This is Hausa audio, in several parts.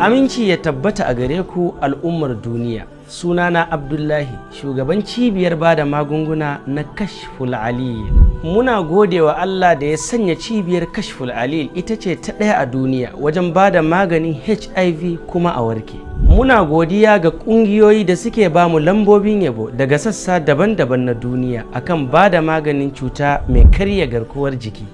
Aminci ya tabbata a gare ku al'ummar duniya. Sunana Abdullahi, shugaban cibiyar bada magunguna na Kashful Aliyu. Muna godewa Allah da ya sanya cibiyar Kashful Aliyu ita ce ta ɗaya a duniya wajen ba da maganin HIV kuma a warke. Muna godiya ga ƙungiyoyi da suke ba mu lambobin yabo daga sassa daban-daban na duniya akan ba da maganin cuta mai karya garkuwar jiki.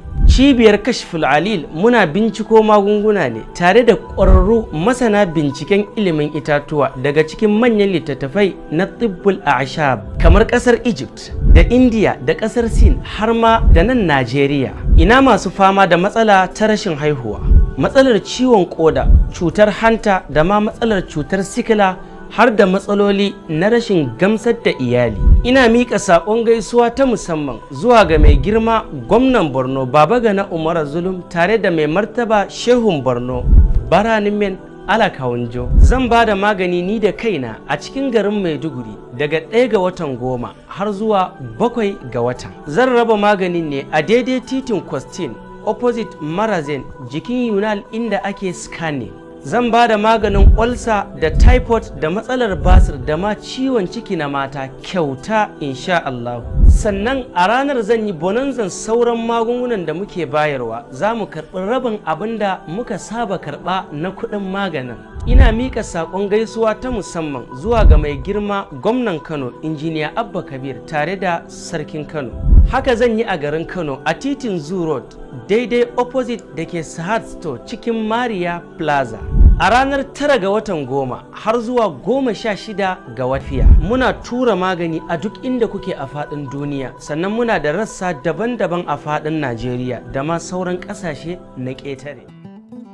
cibiyar kashful alil muna binciko magunguna ne tare da ƙwararru masana binciken ilimin itatuwa daga cikin manyan littattafai na tibbul ashab kamar ƙasar egypt da india da ƙasar sin har ma da nan najeriya ina masu fama da matsala ta rashin haihuwa matsalar ciwon koda cutar hanta da ma matsalar cutar sikila har da matsaloli na rashin gamsar da iyali. Ina miƙa saƙon gaisuwa ta musamman zuwa ga mai girma gwamnan Borno Baba Gana Umar Zulum tare da mai martaba Shehun Borno Baranin Men Alakawunjo. Zan ba da magani ni da kaina a cikin garin Maiduguri daga ɗaya ga watan goma har zuwa bakwai ga watan. Zan raba maganin ne a daidai titin Kwastin opposite Marazin jikin Yunal inda ake scanning. zan ba da maganin olsa da typhoid da matsalar basir da ma ciwon ciki na mata kyauta insha Allah. Sannan a ranar zan yi bonanzan sauran magungunan da muke bayarwa za mu karɓi rabin abin da muka saba karɓa na kuɗin maganin. ina mika sakon gaisuwa ta musamman zuwa ga mai girma gwamnan kano injiniya abba kabir tare da sarkin kano haka zan yi a garin kano a titin zoo road daidai opposite da ke sahad store cikin maria plaza a ranar tara ga watan goma har zuwa goma sha shida ga wafiya muna tura magani a duk inda kuke a fadin duniya sannan muna da rassa daban-daban a fadin najeriya da ma sauran ƙasashe na ƙetare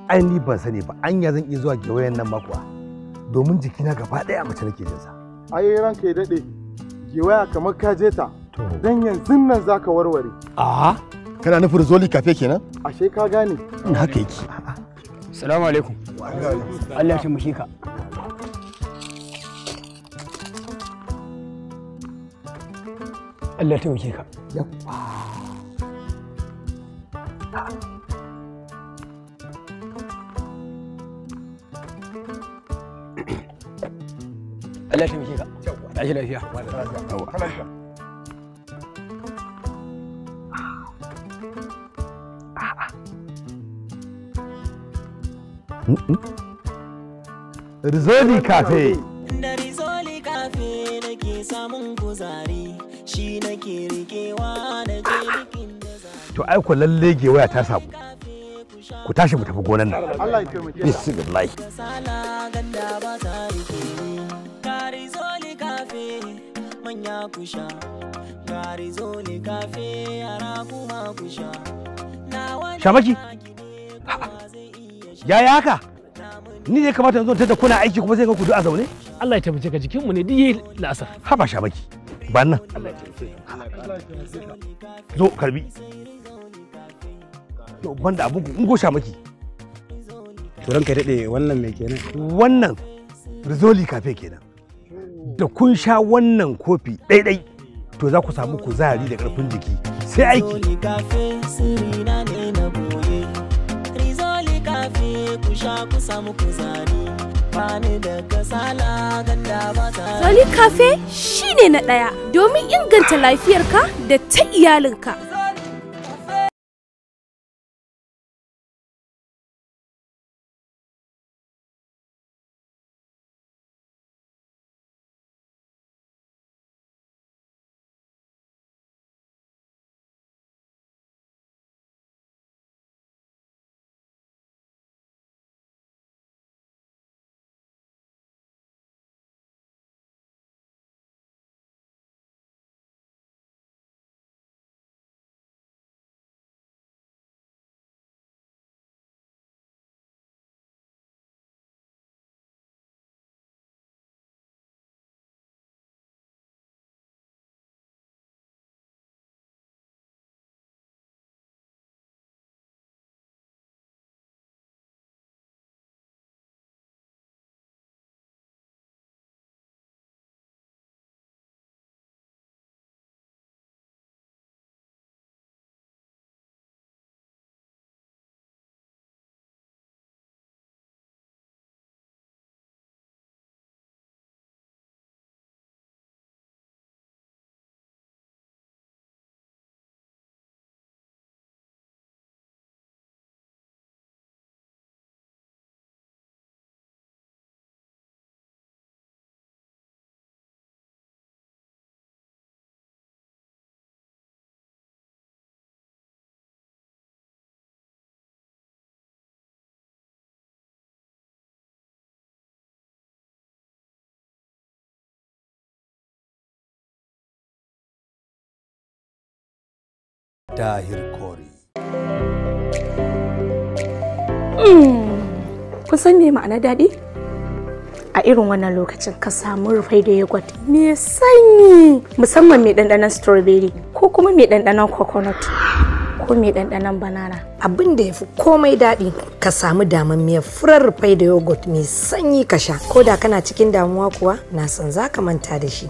ai ni ban sani ba anya zan iya zuwa wayan nan makuwa domin jikina gaba ɗaya mace nake jin sa ai ranka ya dade gewaya kamar ka je ta dan yanzu nan zaka warware a kana nufin zoli kafe kenan ashe ka gane haka yake assalamu alaikum Allah ya taimake ka Allah ya taimake ka yawwa Allah ta ka ah, ah. Rizoli Cafe. nake samun kuzari shi nake da ku ta samu. Ku tashi mu tafi gonan nan. Allah ya taimake. Bismillah. Sala ganda ba rike. manya kusha gari zoli kafe yara kuma ku sha ya yaya haka ni ne kamata zo ta kuna aiki kuma zai ga kudu a zaune Allah ya tabbace ka jikinmu ne duk yayi la'asar haba shabaki ba nan zo karbi to banda abu ku in go shamaki to ranka dade wannan me kenan wannan rizoli kafe kenan da kun sha wannan kofi ɗaiɗai to za ku samu kuzari da ƙarfin jiki sai aiki Zoli Cafe shi ne na ɗaya domin inganta lafiyarka da ta iyalinka. Tahir Kori. Hmm, kun san me ma'ana daɗi? A irin wannan lokacin ka samu rufai da yogurt mai sanyi musamman mai ɗanɗanon strawberry ko kuma mai ɗanɗanon coconut ko mai ɗanɗanon banana. Abin da ya fi komai daɗi ka samu daman miyar furar rufai da yogurt mai sanyi ka sha ko da kana cikin damuwa kuwa na san za ka manta da shi.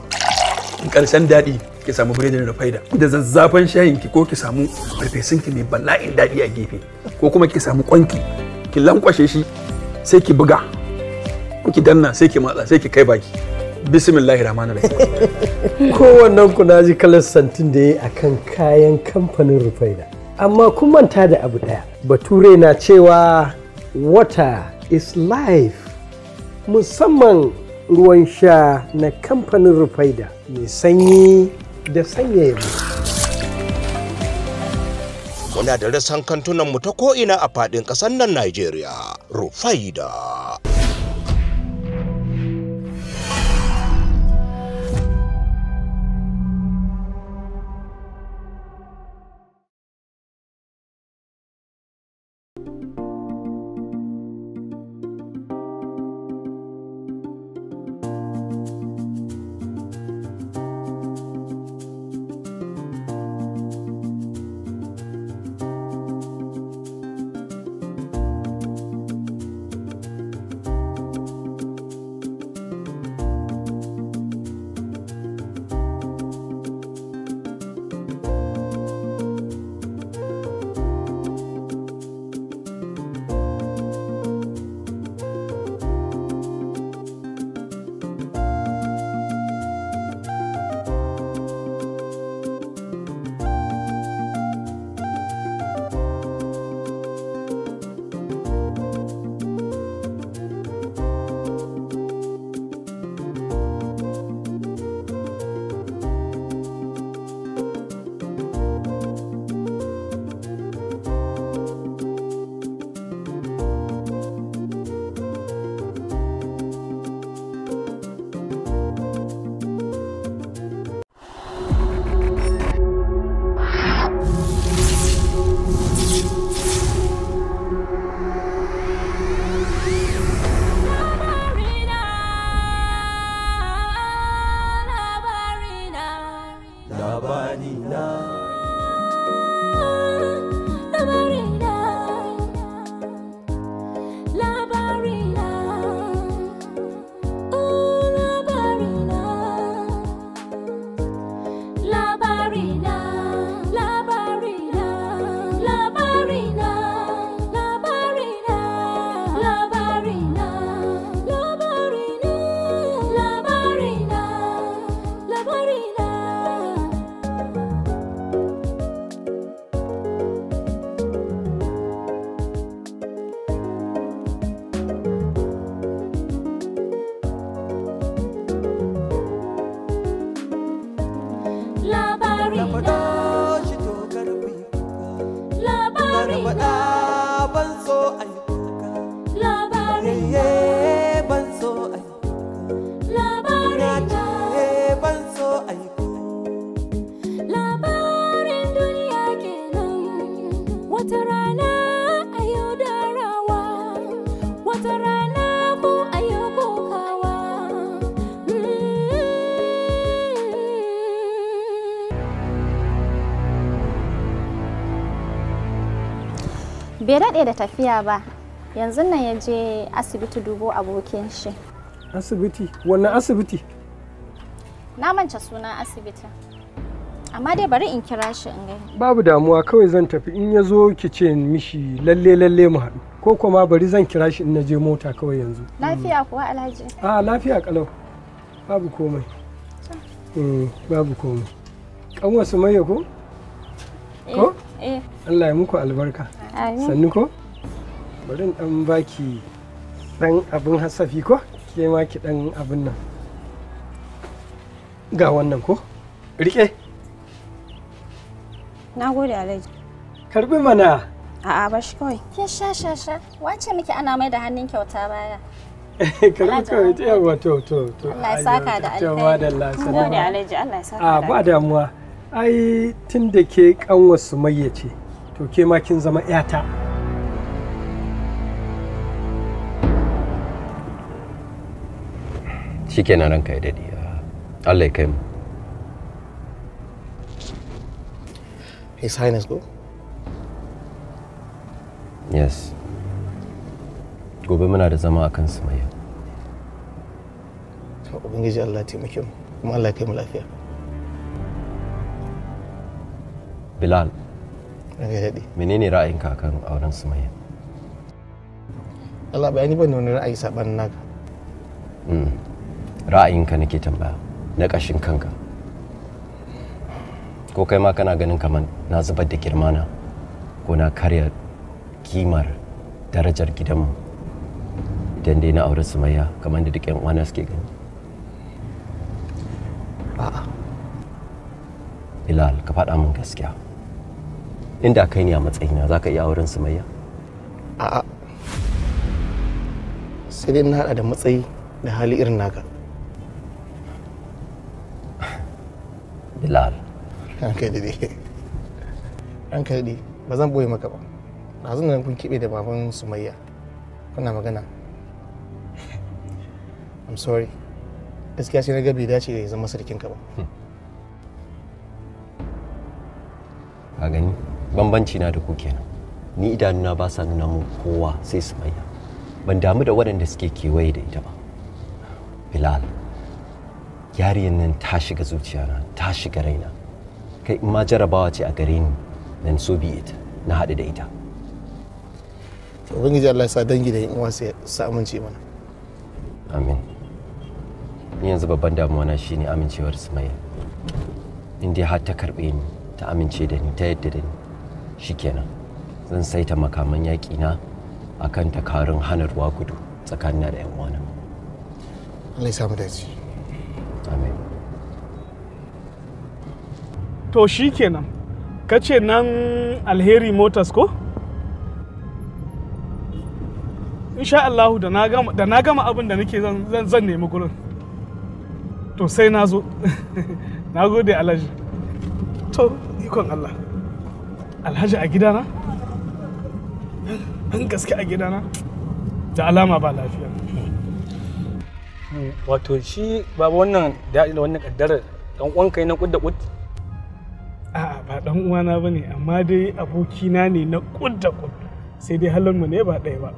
karshen daɗi ki samu da rufaida da zazzafan shayin ki ko ki samu farfesun ki mai bala'in daɗi a gefe ko kuma ki samu kwanki ki lankwashe shi sai ki buga ko ki danna sai ki matsa sai ki kai baki bismillahir rahmanir rahim kowannen ku na ji kalar santin da ya akan kayan kamfanin rufaida amma kun manta da abu daya bature na cewa water is life musamman ruwan sha na kamfanin rufaida mai sanyi da sanyaya muna da rasan kantunan mu ta ko'ina a faɗin ƙasar nan Najeriya, Rufaida. bai daɗe da tafiya ba yanzu nan ya je asibiti dubo abokin shi asibiti wannan asibiti na manta sunan asibitin amma dai bari in kira shi in gani babu damuwa kawai zan tafi in ya zo ki ce mishi lalle lalle mu haɗu ko kuma bari zan kira shi in na je mota kawai yanzu lafiya kuwa alhaji a lafiya kalau babu komai mm, babu komai kan wasu maye ko eh. ko Eh. Allah ya muku albarka sannu ko bari in dan baki dan abin hasafi ko ke ma ki dan abin nan ga wannan ko rike na gode alhaji karbi mana a'a ba shi kawai ke sha sha sha wace miki ana mai da hannun kyauta baya Karɓi kawai ta yawa to to to Allah ya saka da alheri Allah ya saka da alheri a ba damuwa ai tun da ke kanwar sumayya ce to ke ma kin zama 'yata shikenan ranka ya dadi Allah ya kai mu His Highness go? Yes. Gobe muna da zama a kan Sumayya. Ubangiji Allah ya taimake mu, kuma Allah ya kai mu lafiya. bilal menene ra'ayinka kan auren sumayya Allah bayani ba nuna ra'ayi saban naka hmm. ka nake tambaya na ƙashin kanka ko kai ma kana ganin kamar na zubar da girmana ko na karya kimar darajar gidanmu idan dai na aure sumayya kamar da duk wani uwana suke gani a'a bilal ka faɗa min gaskiya inda kai ne a matsayina za ka iya auren sumayya a'a sai dai na hada da matsayi da hali irin naka bilal ranka dade ranka dade ba zan boye maka ba na zan nan kun kibe da baban sumayya kuna magana i'm sorry gaskiya sai na ga bai dace ya zama sarkin ka ba a gani bambanci na da ku kenan ni idanuna ba sa nuna mun kowa sai su maya ban damu da waɗanda suke kewaye da ita ba bilal yariyan nan ta shiga zuciyana ta shiga raina kai in ma jarabawa ce a gare ni nan so bi ita na haɗu da ita to ubangiji Allah ya sa dangi da uwa sai su amince mana amin ni yanzu babban damuwa na shine amincewar sumayya inda har ta karɓe ni ta amince da ni ta yadda da ni shikenan zan saita makaman yaƙi na akan takarun hanarwa gudu tsakanin da yan wani Allah ya samu dace amin to shikenan ce nan alheri motors ko insha Allahu da na gama abin da nake zan nemi gurin to sai na zo na gode alaji to ikon Allah alhaji a gidana an gaske a gidana da alama ba lafiya wato shi babu wannan daɗi da wannan ƙaddarar ɗan kai na da ƙud a'a ba ɗan uwana ba ne amma dai abokina ne na da ƙud sai dai mu ne ba ɗaya ba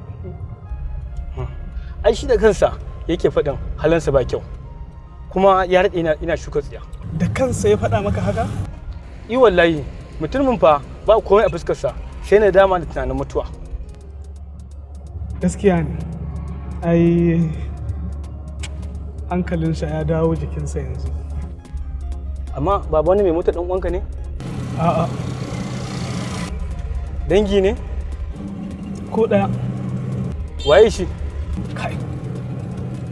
ai shi da kansa yake faɗin halansa ba kyau kuma ya daɗe ina shuka tsiya da kansa ya faɗa maka haka? yi wallahi mutumin fa ba komai a fuskarsa sai na dama da tunanin mutuwa gaskiya ne ai hankalinsa ya dawo jikinsa yanzu amma baba wani mai mota ɗan uwanka ne a'a dangi ne ko ɗaya waye shi kai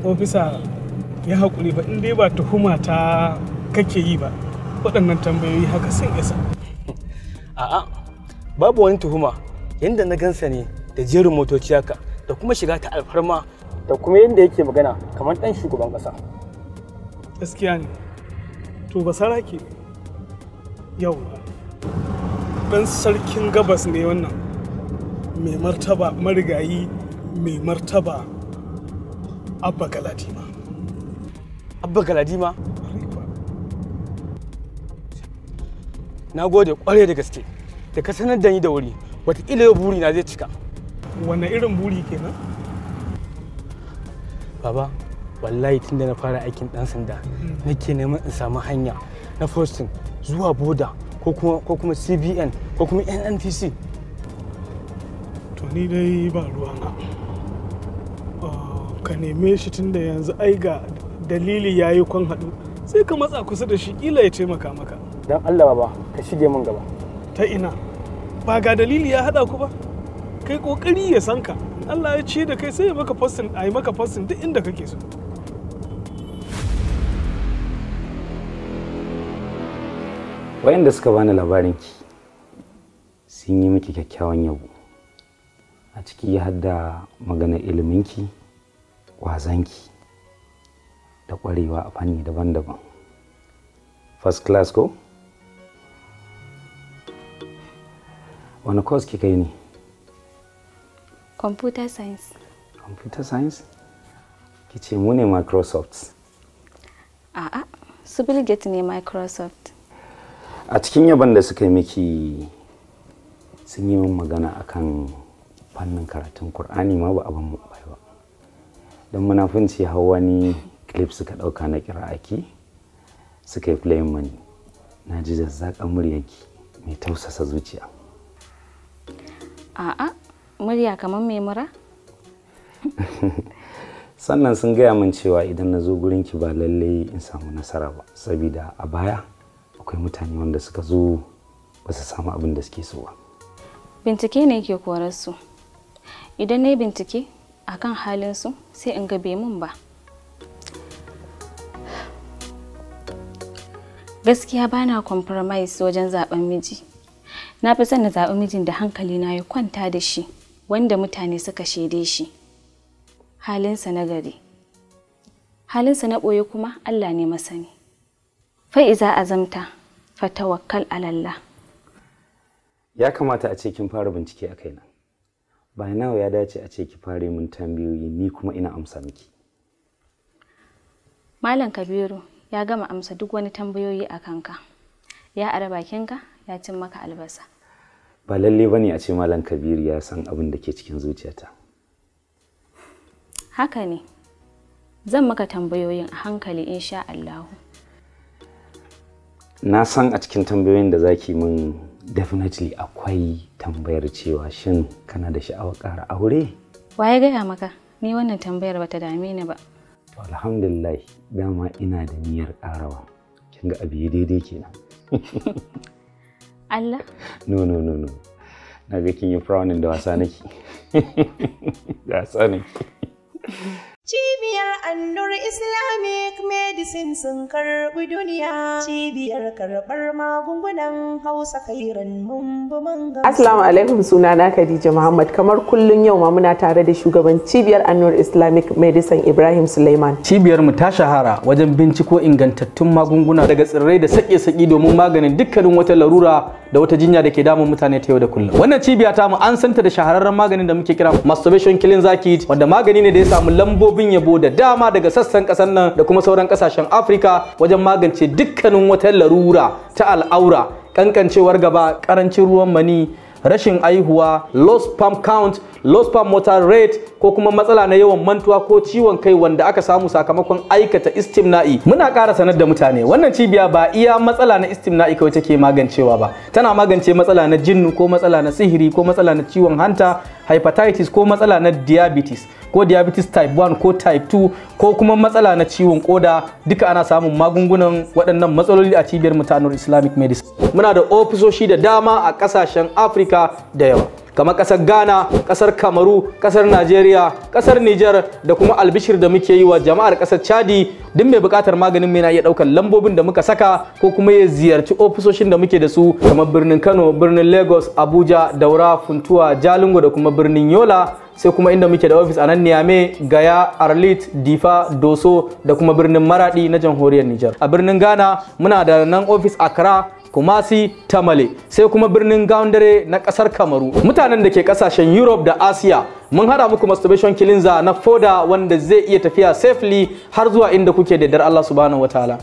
ofisa ya hakuri ba in dai ba tuhuma ta kake yi ba waɗannan tambayoyi haka sun isa A'a, babu wani tuhuma yadda na gansa ne da jerin motoci haka da kuma shiga ta alfarma da kuma yadda yake magana kamar ɗan shugaban ƙasa. Gaskiya ne, to ba sarake yau ɗan sarkin gabas ne wannan mai martaba marigayi mai martaba abba galadima. Abba galadima? na gode kwarai da gaske da ka sanar da ni da wuri wataƙila yau buri na zai cika wanne irin buri kenan baba wallahi tunda na fara aikin dan sanda nake neman in samu hanya na posting zuwa boda ko kuma ko kuma CBN ko kuma NNPC to ni dai ba ruwa na. Ah, ka neme shi tunda yanzu ai ga dalili yayi kwan haɗu sai ka matsa kusa da shi kila ya taimaka maka don Allah ba ka shige min gaba ta ina ba ga dalili ya hada ku ba kai kokari ya san ka Allah ya ce da kai sai ya maka posting a yi maka posting duk inda kake so wayanda suka bani labarin ki sun yi miki kyakkyawan yabo a ciki ya hadda magana iliminki kwazanki da kwarewa a fanni daban-daban first class ko? wani course kika yi ne computer science computer science ki ce mu ne microsoft a'a su bill ne microsoft a cikin yaban da suka yi miki sun yi min magana akan fannin karatun kur'ani ma ba abin mu ba don munafunci hawa wani clip suka ɗauka na kira'aki suka yi mani na ji zazzaƙan muryarki mai tausasa zuciya A'a, murya kamar mai mura? Sannan sun gaya min cewa idan na zo ki ba lallai in samu nasara ba, saboda a baya akwai mutane wanda suka zo ba su samu abin da suke so ba. Bincike ne ke korarsu. Idan na yi bincike akan halinsu sai in ga bai mun ba. gaskiya bana compromise wajen zaben miji na fi son zaɓi mijin da hankali na ya kwanta da shi wanda mutane suka shaide shi halinsa na gari halinsa na ɓoye kuma allah ne masani fa'iza azamta fatawakkal alallah ya kamata a ce kin fara bincike a kaina ba nawa ya dace a ce ki fara mun tambayoyi ni kuma ina amsa miki malam kabiru ya gama amsa duk wani tambayoyi a kanka ya ara bakinka ya cin maka albasa ba lalle ba ne a ce malam kabiru ya san abin da ke cikin zuciyata haka ne zan maka tambayoyin a hankali insha Allahu na san a cikin tambayoyin da zaki min definitely akwai tambayar cewa shin kana da sha'awar ƙara aure wa ya gaya maka ni wannan tambayar bata dame ni ba to alhamdulillah dama ina da niyyar ƙarawa kin ga abu daidai kenan Allah? No, no, no, no. Na ga kin yi frowning da wasa nake. Wasa nake. Cibiyar annu'ar Islamic Medicine sun karɓi duniya. Cibiyar karɓar magungunan Hausa kairan manga. Assalamu alaikum suna na Khadija Muhammad kamar kullun yau ma muna tare da shugaban Cibiyar Annur Islamic Medicine Ibrahim Suleiman. Cibiyar mu ta shahara wajen binciko ingantattun magunguna daga tsirrai da sake-saki domin maganin dukkanin wata larura da wata jinya da ke damun mutane ta yau da kullum wannan cibiya ta mu an santa da shahararren maganin da muke kira masturbation killing zaki wanda magani ne da ya samu lambobin yabo da dama daga sassan kasar nan da kuma sauran kasashen Afirka wajen magance dukkanin wata larura ta al'aura kankancewar gaba karancin ruwan mani rashin aihuwa low sperm count low sperm motor rate ko kuma matsala na yawan mantuwa ko ciwon kai wanda aka samu sakamakon aikata istimna'i muna ƙara sanar da mutane wannan cibiya ba iya matsala na istimna'i kawai take magancewa ba tana magance matsala na jinnu ko matsala na sihiri ko matsala na ciwon hanta hepatitis ko matsala na diabetes ko diabetes type 1 ko type 2 ko kuma matsala na ciwon koda duka ana samun magungunan waɗannan matsaloli a cibiyar mutanen islamic medicine muna da ofisoshi da dama a ƙasashen afirka da yawa kamar kasar ghana kasar kamaru kasar najeriya kasar niger da kuma albishir da muke yi wa jama'ar kasar chadi duk mai bukatar maganin mai na iya daukar lambobin da muka saka ko kuma ya ziyarci ofisoshin da muke da su kamar birnin kano birnin lagos abuja daura funtuwa jalingo da kuma birnin yola sai kuma inda muke da ofis a nan Niame, Gaya, Arlit, Difa, Doso da kuma birnin Maradi na jamhuriyar niger A birnin Ghana muna da nan ofis Accra kumasi ta male sai kuma birnin gaundare na kasar kamaru mutanen da ke kasashen europe da Asia, mun hada muku masturbation kilinza na foda wanda zai iya tafiya safely har zuwa inda kuke da dar allah subhanahu wataala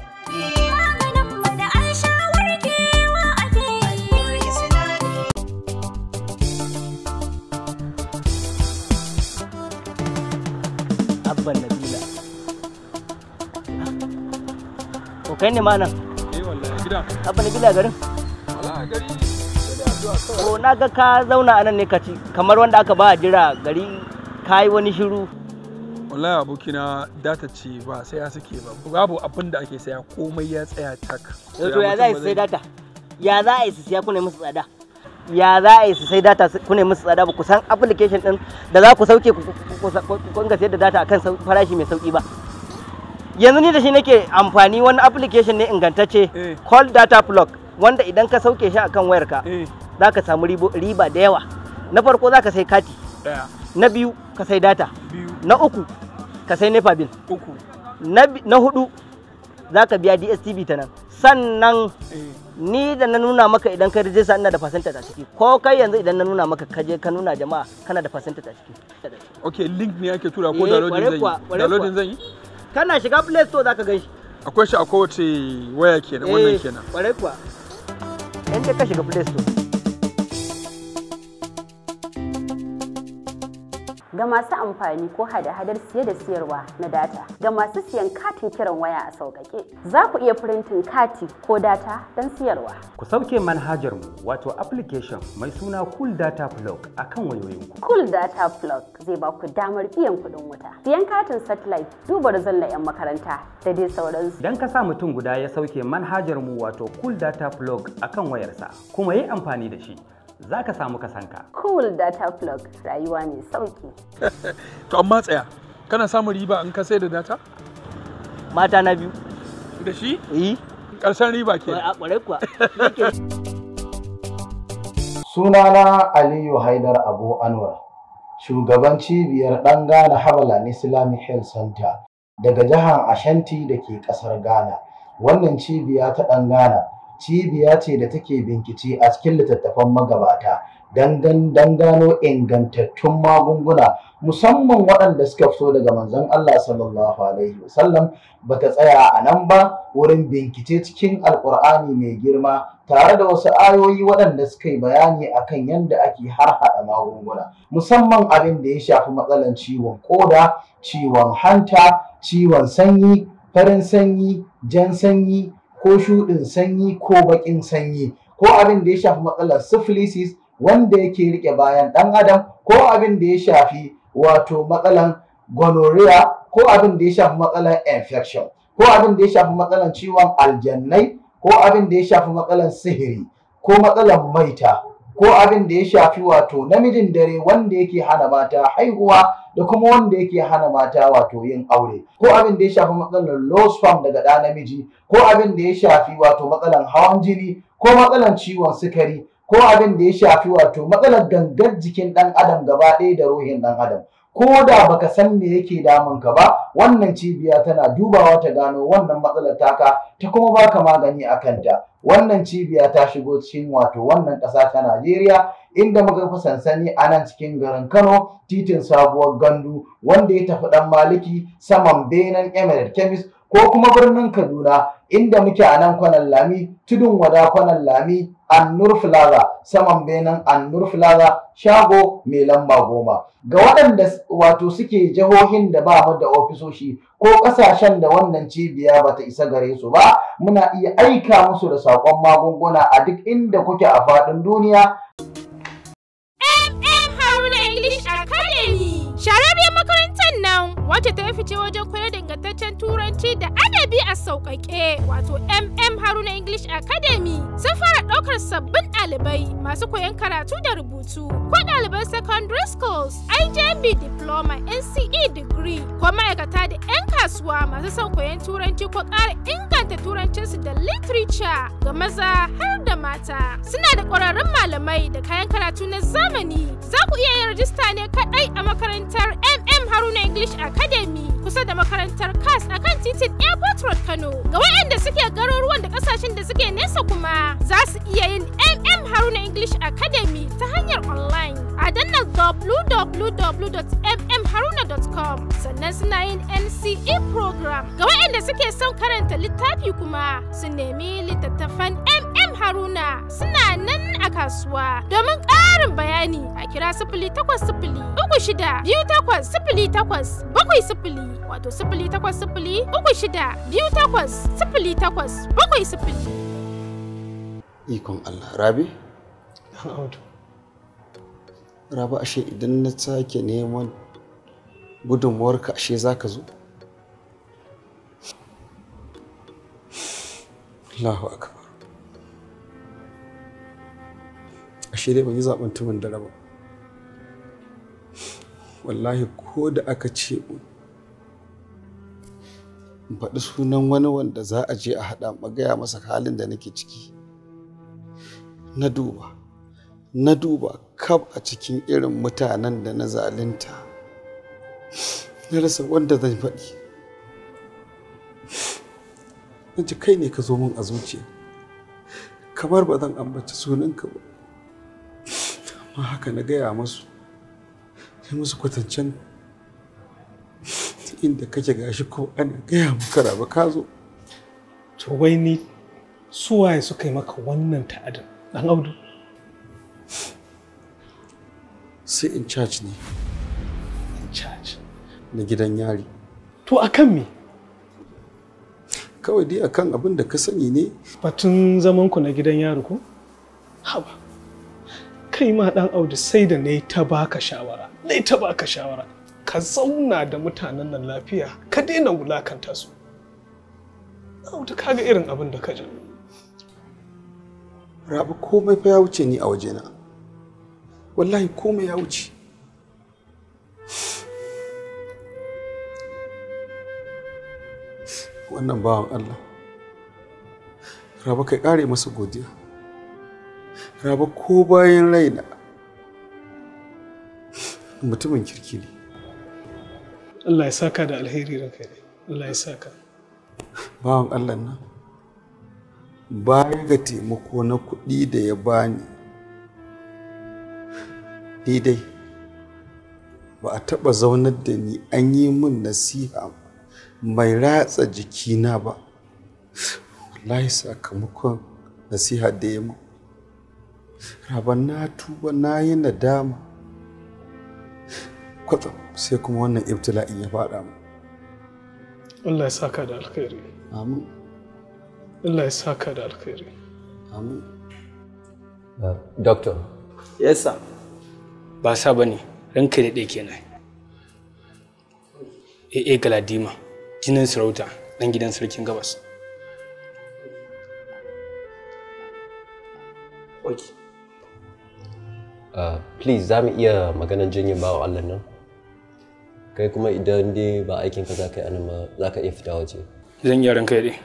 kai ne malam? Abba na gida garin? Wala na ga ka zauna a nan ne ka ci kamar wanda aka ba jira gari ka yi wani shiru. Wallahi abokina data ce ba sai ya suke ba babu abin da ake saya komai ya tsaya tak. Yau ya za a yi sai data? Ya za a yi su siya kuna musu tsada? ya za a yi su sai data ku ne musu tsada ba ku san application din da za ku sauke ku kunga sayar da data akan farashi mai sauki ba yanzu ni da shi nake amfani wani application ne ingantacce eh. call data plug wanda idan ka sauke shi akan wayarka eh. za ka samu riba da yawa na farko za ka sai kati na biyu ka sai data na uku ka sai nepa bill na hudu za ka biya dstv ta nan sannan eh. ni da na nuna maka idan ka rijista ina da fasanta a ciki ko kai yanzu idan na nuna maka kaje ka nuna jama'a kana da fasanta a ciki ok link ne ake tura ko downloading zan yi kana shiga play store zaka gan shi akwai shi a kowace waya kenan wannan eh, kenan kwarai kuwa in ka shiga play store ga masu amfani ko hada-hadar siye da siyarwa na data ga masu siyan katin kiran waya a sauƙaƙe za ku iya firintin kati ko data don siyarwa ku sauke manhajar mu wato application mai suna cool data plug a kan wayoyinku cool data plug zai ba ku damar biyan kuɗin wuta siyan katin satellite duba da 'yan makaranta da dai sauransu don ka sa mutum guda ya sauke manhajar mu wato cool data plug a kan wayarsa kuma yi amfani da shi za ka samu kasanka. Cool data plug rayuwa ne sauki. to amma tsaya, kana samun riba in ka sai da data? Mata na biyu. Da shi? Yi. Eh. Ƙarshen riba ke. A ƙwarai kuwa. Sunana Aliyu Haidar Abu Anwar, shugaban cibiyar ɗan Ghana Habalan Islamic Health Center daga jihar Ashanti da ke ƙasar Ghana. Wannan cibiya ta ɗan Ghana cibiya ce da take bincike a cikin littattafan magabata don gano ingantattun magunguna musamman waɗanda suka fito daga manzon Allah sallallahu alaihi wasallam ba tsaya a nan ba wurin bincike cikin Alƙur'ani mai girma tare da wasu ayoyi waɗanda suka yi bayani akan yadda ake harhaɗa magunguna musamman abin da ya shafi matsalan ciwon koda ciwon hanta ciwon sanyi farin sanyi jan sanyi ko shuɗin sanyi ko baƙin sanyi ko abin da ya shafi matsalar syphilis wanda yake rike bayan ɗan adam ko abin da ya shafi wato matsalar gonorrhea ko abin da ya shafi matsalar infection ko abin da ya shafi matsalar ciwon aljannai ko abin da ya shafi matsalar sihiri ko matsalar maita ko abin da ya shafi wato namijin dare wanda yake hana mata haihuwa da kuma wanda yake hana mata wato yin aure ko abin da ya shafi matsalar low sperm daga ɗa namiji ko abin da ya shafi wato matsalar hawan jini ko matsalar ciwon sukari ko abin da ya shafi wato matsalar gangar jikin ɗan adam gaba ɗaya da ruhin ɗan adam ko da baka san me yake damun ka ba wannan cibiya tana dubawa ta gano wannan matsalar taka ta kuma baka magani a kanta wannan cibiya ta shigo cikin wato wannan ƙasa ta Najeriya inda muka fi sansani a nan cikin garin Kano titin sabuwar gandu wanda ya tafi dan maliki saman benen emirate chemist ko kuma birnin Kaduna inda muke a nan kwanan lami tudun wada kwanan lami annur plaza saman benin annur nurfulaza, shago mai lamba goma ga waɗanda wato suke jihohin da ba mu da ofisoshi ko ƙasashen da wannan cibiya bata isa gare su ba muna iya aika musu da saƙon magunguna a duk inda kuke a faɗin duniya Shararriyar makarantar nan wacce ta fice wajen koyar da ingantaccen turanci da adabi a sauƙaƙe wato mm haruna english academy sun fara ɗaukar sabbin ɗalibai masu koyon karatu da rubutu ko ɗaliban secondary schools ijb diploma nce degree ko ma'aikata da 'yan kasuwa masu son koyon turanci ko ƙara inganta turancinsu da literature ga maza har da mata suna da ƙwararrun malamai da kayan karatu na zamani za ku iya yin rajista ne kaɗai a makarantar mm Ibrahim Haruna English Academy kusa da makarantar CAS a kan titin Airport Road Kano. Ga waɗanda suke garuruwan da kasashen da suke nesa kuma za su iya yin MM Haruna English Academy ta hanyar online. A danna www com sannan suna yin NCE program. Ga waɗanda suke son karanta littafi kuma su nemi littattafan MM Haruna suna nan a kasuwa. Domin ƙarin bayani a kira sifili takwas sifili uku shida biyu takwas sifili takwas bakwai sifili wato sifili takwas sifili uku shida biyu takwas sifili takwas bakwai sifili. Ikon Allah, Rabi? Rabi ashe idan na sake neman gudunmuwarka ashe za ka zo Allahu akbar ashe dai ban yi zaɓen tumin dare ba wallahi ko da aka ce faɗi sunan wani wanda za a je a haɗa magaya masa halin da nake ciki na duba na duba kab a cikin irin mutanen da na zalunta na rasa wanda zan faɗi na ji kai ne ka zo min a zuciya kamar ba zan ambaci sunanka ba amma haka na gaya masu sai musu kwatancen inda kake gashi ko ana gaya maka raba ka zo to wai ni waye suka yi maka wannan ta'adin dan audu sai in charge ne in charge na gidan yari to akan me kawai dai akan abin da ka sani ne batun zaman ku na gidan yari ko haba kai ma dan audu sai da nayi ta baka shawara nayi ta baka shawara ka zauna da mutanen nan lafiya ka daina wulakanta su audu kaga irin abin da ka ji rabu komai fa ya wuce ni a wajena wallahi komai ya wuce wannan bawan Allah raba kai ƙare masa godiya raba ko bayan raina mutumin kirki ne Allah ya saka da alheri ranka ne Allah ya saka bawan Allah nan baya ga taimako na kuɗi da ya bani ni dai ba a taɓa zaunar da ni an yi min nasiha mai ratsa jikina ba wallahi sakamakon nasiha da ya mu raba na tuba na yi nadama kwatsam sai kuma wannan ibtila'in ya faɗa mu Allah ya saka da alkhairi amin Allah ya saka da alkhairi amin uh, doctor yes sir ba sa bane ranka da ɗaya kenan eh galadima jinin sarauta ɗan gidan sarkin gabas. Okay. Ah, please za mu iya maganar jinyin bawa Allah nan? Kai kuma idan dai ba aikinka za ka yi anan ba za ka iya fita waje. Zan iya ranka dai.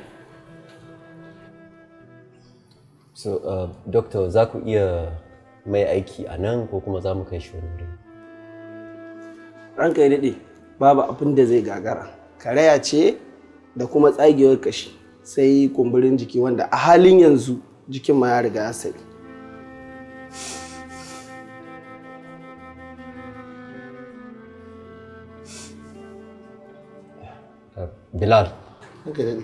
So, uh, doctor za ku iya mai aiki a nan ko kuma za mu kai shi wani wurin? Ranka ya daɗe, babu abin da zai gagara. karaya ce da kuma tsagewar kashi sai kumburin jiki wanda a halin yanzu jikin ma ya riga ya sari Bilal. Eh,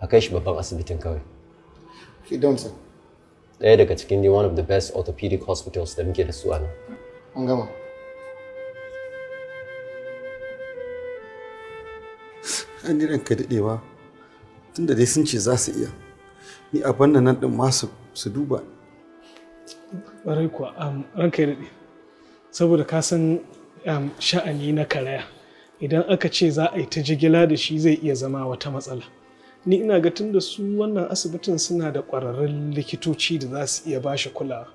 a kai shi babban asibitin kawai. Ki don Ɗaya daga cikin one of the best orthopedic hospitals da muke da su a nan. An gama. an jiran ka daɗewa tunda dai sun ce za su iya ni a banna nan ɗin ma su duba ɓarai kuwa ranka ya daɗe saboda ka san sha'ani na karaya idan aka ce za a yi ta jigila da shi zai iya zama wata matsala ni ina ga tunda su wannan asibitin suna da ƙwararrun likitoci da za su iya bashi kulawa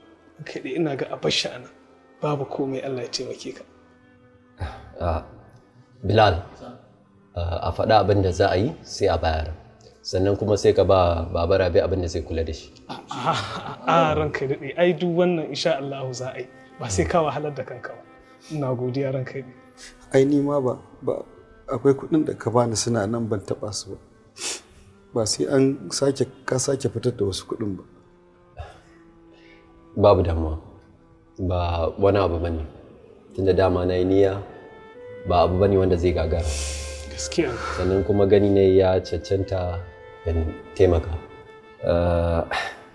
kai dai ina ga a bar babu komai Allah ya taimake ka ah, Bilal, a faɗa abin da za a yi sai a bayar sannan kuma sai ka ba baba rabi abin da zai kula da shi a ranka daɗe ai duk wannan insha Allah za a yi ba sai ka wahalar da kanka ba ina godiya ranka daɗe ai ni ma ba akwai kuɗin da ka bani suna nan ban taɓa su ba ba sai an sake ka sake fitar da wasu kuɗin ba babu damuwa ba wani abu bane tunda dama na yi niyya ba abu bane wanda zai gagara gaskiya sannan kuma gani ne ya cancanta in taimaka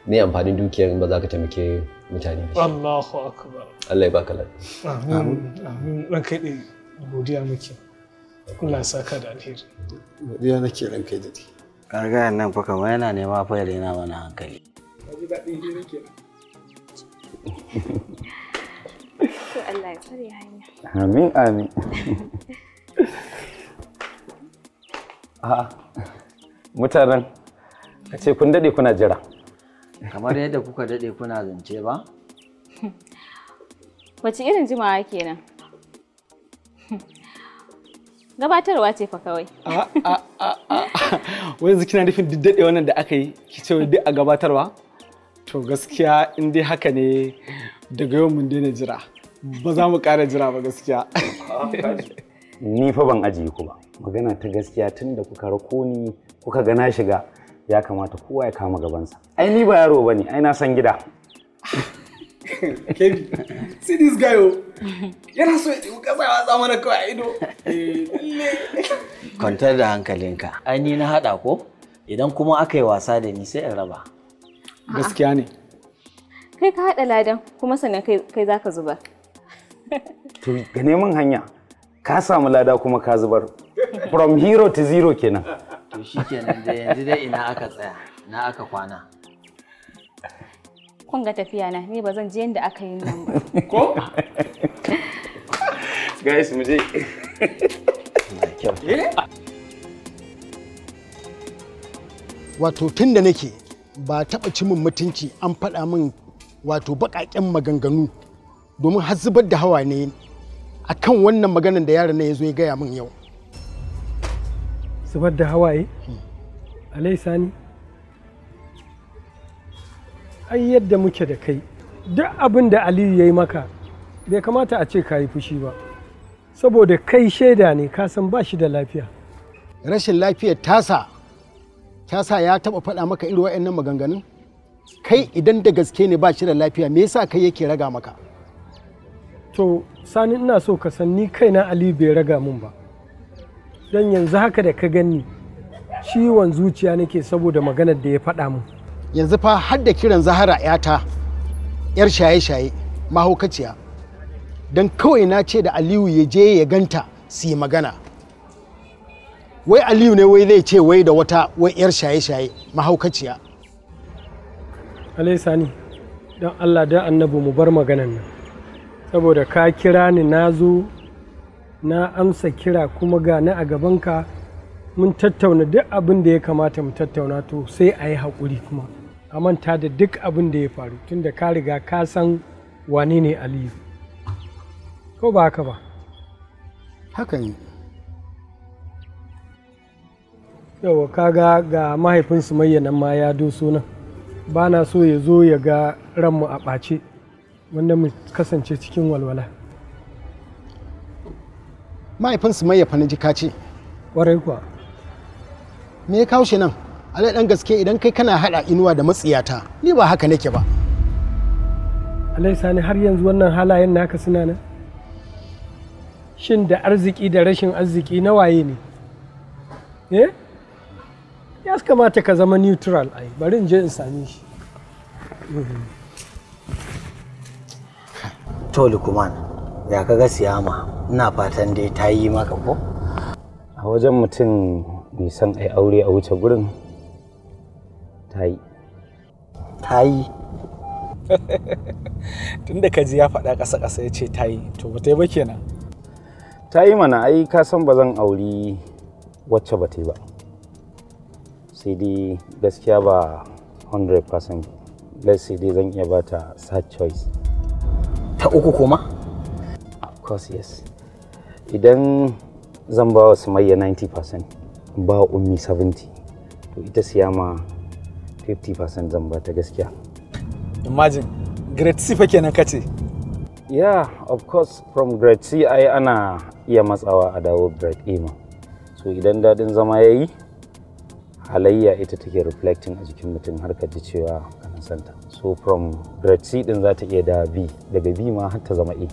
ne eh, amfanin dukiyar ba za ka taimake mutane ba Allahu akbar Allah ya baka lafiya amin amin ran kai dai godiya muke Allah ya saka da alheri godiya nake ran kai dadi gargayan nan fa kamar yana nema fa yana mana hankali Allah ya tsare hanya amin amin A'a. Mutanen a ce kun dade kuna jira. Kamar yadda kuka dade kuna zance ba? Wace irin jimawa kenan? Gabatarwa ce fa kawai. Wai yanzu kina nufin duk dade wannan da aka yi ki ce duk a gabatarwa? To gaskiya in dai haka ne daga yau mun daina jira. Ba za mu ƙara jira ba gaskiya. ni fa ban ajiye ku ba magana ta gaskiya tun da kuka rako ni kuka gana shiga ya kamata kowa ya kama gabansa ai ni ba yaro bane ai na san gida kebi see this guy oh. yana so ya tafi kasa ya mana kawai ido eh, kwantar da hankalinka ai ni na hada ko idan kuma aka yi wasa da ni sai in raba gaskiya ne kai ka hada ladan kuma sannan kai zaka zuba to ga neman hanya ka samu lada kuma ka zubar from hero to zero kenan to kenan da yanzu dai ina aka tsaya na aka kwana kun ga tafiya na ni ba zan je inda aka yi nan ba ko guys mu je eh? wato tun da nake ba taɓa min mutunci an faɗa min wato baƙaƙen maganganu domin har zubar da hawa ne a kan wannan maganar da yaron nan ya zo ya gaya min yau zubar da hawaye hmm. alai sani ai yadda muke da kai duk abin da aliyu ya yi maka bai kamata a ce ka yi fushi ba saboda kai shaida ne ka san ba shi da lafiya rashin lafiya tasa tasa ya taba faɗa maka irin wa'annan maganganun kai idan da gaske ne ba shi da lafiya me yasa kai yake raga maka to sani ina so ka san ni kaina aliyu bai raga mun ba don yanzu haka da ka gani ciwon zuciya nake saboda maganar da ya faɗa mun yanzu fa har da kiran zahara yata yar shaye-shaye mahaukaciya don kawai na ce da aliyu ya je ya ganta su yi magana wai aliyu ne wai zai ce wai da wata wai yar shaye-shaye mahaukaciya alai sani don allah da annabi mu bar maganar nan saboda ka kira ni na zo na amsa kira kuma ga ni a gabanka mun tattauna duk abin da ya kamata mu tattauna to sai a yi haƙuri kuma a manta da duk abin da ya faru tunda ka riga ka san wani ne aliyu ko ba haka ba haka ne yawa kaga ga mahaifinsu mayyanan ma ya doso nan ba na so ya zo ya ga ranmu a ɓace wanda mu kasance cikin walwala mahaifinsu mai yafa na jika ce ƙwarai kuwa me ya kawo shi nan alai dan gaske idan kai kana haɗa inuwa da matsiyata ni ba haka nake ba alai sani har yanzu wannan halayen naka suna nan shin da arziki da rashin arziki na waye ne eh ya kamata ka zama neutral ai bari in je in same shi mhm. to lukman ya ka ga siyama ina fatan dai ta yi maka ko a wajen mutum bai san ai aure a wuce gurin ta yi ta yi tun da kaji ya faɗa ƙasa ƙasa ya ce ta yi to ba ta yi ba kenan ta yi mana ai ka san ba zan auri wacce ba ta yi ba sai dai gaskiya ba 100% let's say dai zan iya ba ta third choice ta uku kuma? of course yes idan zan ba wa sumayya 90% ba ummi 70 to ita siyama 50% zan ba ta gaskiya imagine grade c fa kenan kace yeah of course from grade c ai ana iya matsawa a dawo grade E ma so idan dadin zama yayi halayya ita take reflecting a jikin mutum har ka ji cewa kana santa so from grade c din za ta iya da b daga b ma har ta zama a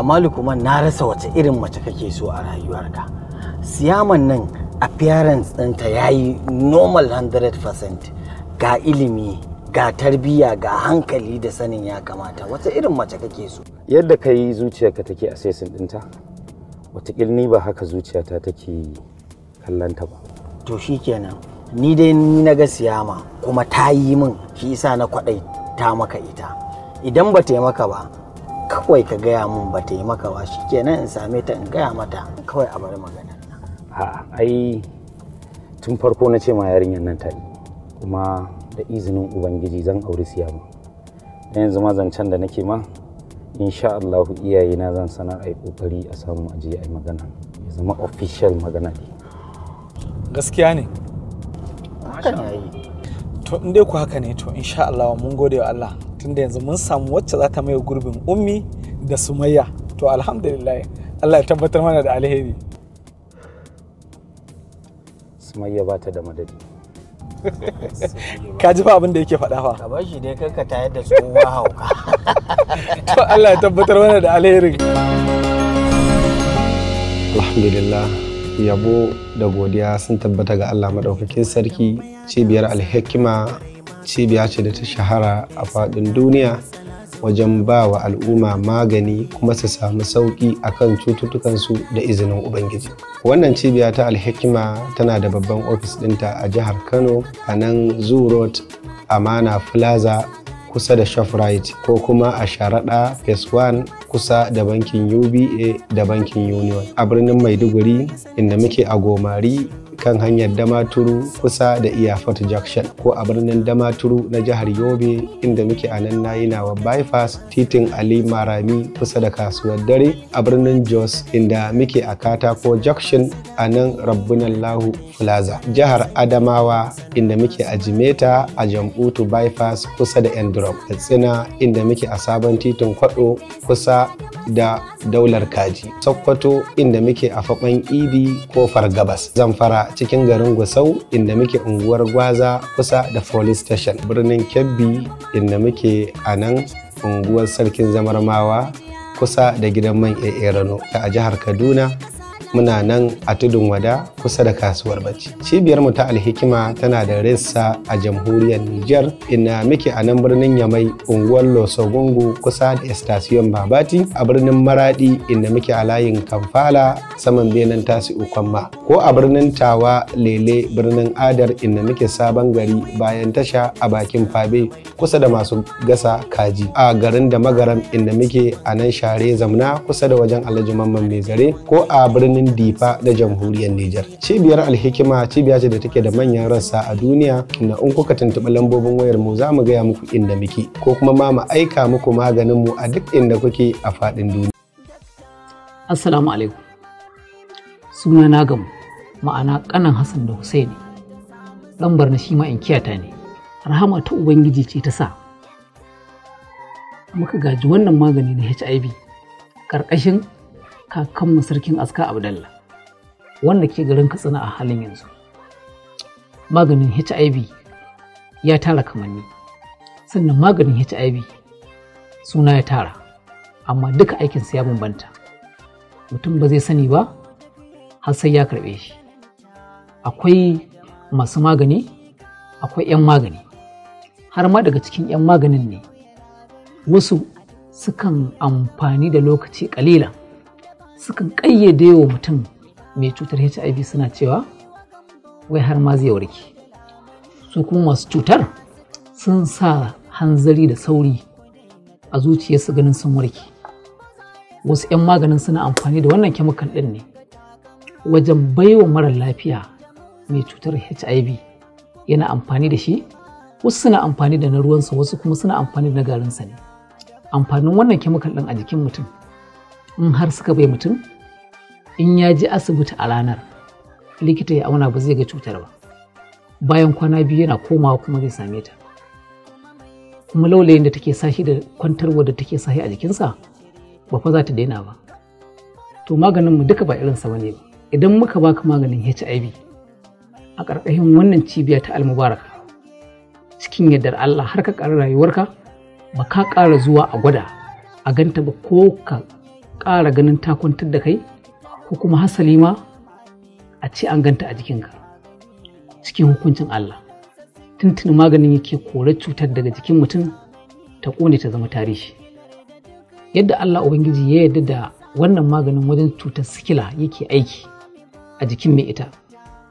amma lukuman na rasa wace irin mace kake so a rayuwarka siyaman nan appearance ɗinta ya yi normal 100% ga ilimi ga tarbiyya ga hankali da sanin ya kamata wata irin mace kake so yadda ka yi zuciyarka take assessing ɗinta watakil ni ba haka zuciyata take kallanta ba to shi kenan. ni dai ni na ga siyama kuma ta yi min shi isa na kwadai ta maka ita idan ba ta yi maka ba kawai ka gaya min ba ta yi maka ba shi kenan in same ta in gaya mata kawai a bari magana ha ai tun farko na ce ma yarinyar nan ta yi kuma da izinin ubangiji zan auri siyama da yanzu ma zancen da nake ma insha allahu iyaye na zan sanar ai kokari a samu aje ai magana ya zama official magana ne gaskiya ne haka ne to in dai ku haka ne to insha Allah mun gode wa Allah tunda yanzu mun samu wacce za ta maye gurbin ummi da sumayya to alhamdulillah Allah ya tabbatar mana da alheri sumayya ba ta da madadi ka ji fa abin da yake faɗa fa ka bashi dai kanka yadda da tsohuwa hauka to Allah ya tabbatar mana da alheri alhamdulillah yabo da godiya sun tabbata ga Allah maɗaukakin sarki cibiyar alhikima cibiya ce da ta shahara a faɗin duniya wajen ba wa al'umma magani kuma su samu sauƙi a kan cututtukansu da izinin ubangiji wannan cibiya ta alhikima tana da babban ofis ɗinta a jihar kano a nan zoo road amana plaza kusa da shoprite ko kuma a sharaɗa phase One kusa da bankin uba da bankin union a birnin maiduguri inda muke a gomari kan hanyar damaturu kusa da iyafat junction ko a birnin damaturu na jihar yobe inda muke a nan yi nawa bypass titin ali marami kusa da kasuwar dare a birnin jos inda muke a katako junction a nan rabbunan lahu plaza jihar adamawa inda muke a jimeta a jam'utu bypass kusa da endrop tsina inda muke a sabon titin kwado kusa da daular kaji sokoto inda muke a faɓan idi kofar gabas zamfara A cikin garin Gusau inda muke unguwar Gwaza kusa da police station birnin Kebbi inda muke a nan unguwar Sarkin Zamarmawa kusa da gidan man Rano a jihar Kaduna muna nan a tudun wada kusa da kasuwar bacci cibiyar mu ta alhikima tana da rissa a jamhuriyar niger ina muke a nan birnin yamai unguwar losogungu kusa da estasiyon babati a birnin maradi inda muke a layin kamfala saman benin tasi ukwamma ko a birnin tawa lele birnin adar inda muke sabon gari bayan tasha a bakin fabe kusa da masu gasa kaji a garin da magaram inda muke a nan share zamna kusa da wajen alhaji mamman mai zare ko a birnin birnin Difa da jamhuriyar Nijar. Cibiyar Alhikima cibiya ce da take da manyan rassa a duniya na in kuka tuntuɓi lambobin wayar mu za mu gaya muku inda muke ko kuma ma mu aika muku maganin mu a duk inda kuke a faɗin duniya. Assalamu alaikum. Suna na gamu ma'ana kanan Hassan da Hussein, Lambar na shi ma in kiyata ne. Rahama ta Ubangiji ce ta sa muka gaji wannan magani na HIV ƙarƙashin kakanmu sarkin aska abdallah wanda ke garin katsina a halin yanzu maganin hiv ya tara kamanni sannan maganin hiv suna ya tara amma duka aikinsa ya bambanta mutum ba zai sani ba har sai ya karɓe shi akwai masu magani akwai 'yan magani har ma daga cikin 'yan maganin ne wasu sukan amfani da lokaci ƙalilan sukan ƙayyade wa mutum mai cutar hiv suna cewa wai har ma zai warke su kuma masu cutar sun sa hanzari da sauri a zuciyarsu ganin sun warke wasu 'yan maganin suna amfani da wannan kemikal ɗin ne wajen baiwa mara lafiya mai cutar hiv yana amfani da shi wasu suna amfani da na ruwansa wasu kuma suna amfani da na garinsa ne amfanin wannan kemikal ɗin a jikin mutum in har suka bai mutum in ya je asibiti a ranar likita ya auna ba zai ga cutar ba bayan kwana biyu yana komawa kuma zai same ta kuma laulayin da take sashi da kwantarwa da take sashi a jikinsa ba fa za ta daina ba to maganin mu duka ba irinsa bane ba idan muka baka maganin HIV a ƙarƙashin wannan cibiya ta almubaraka cikin yardar Allah har ka ƙara rayuwarka ba ka ƙara zuwa a gwada a ganta ba ko ka ƙara ganin takuntar da kai ko kuma hasali ma a ce an ganta a jikinka cikin hukuncin Allah tuntun maganin yake kore cutar daga jikin mutum ta ƙone ta zama tarihi yadda Allah Ubangiji ya yarda da wannan maganin wajen cutar sikila yake aiki a jikin mai ita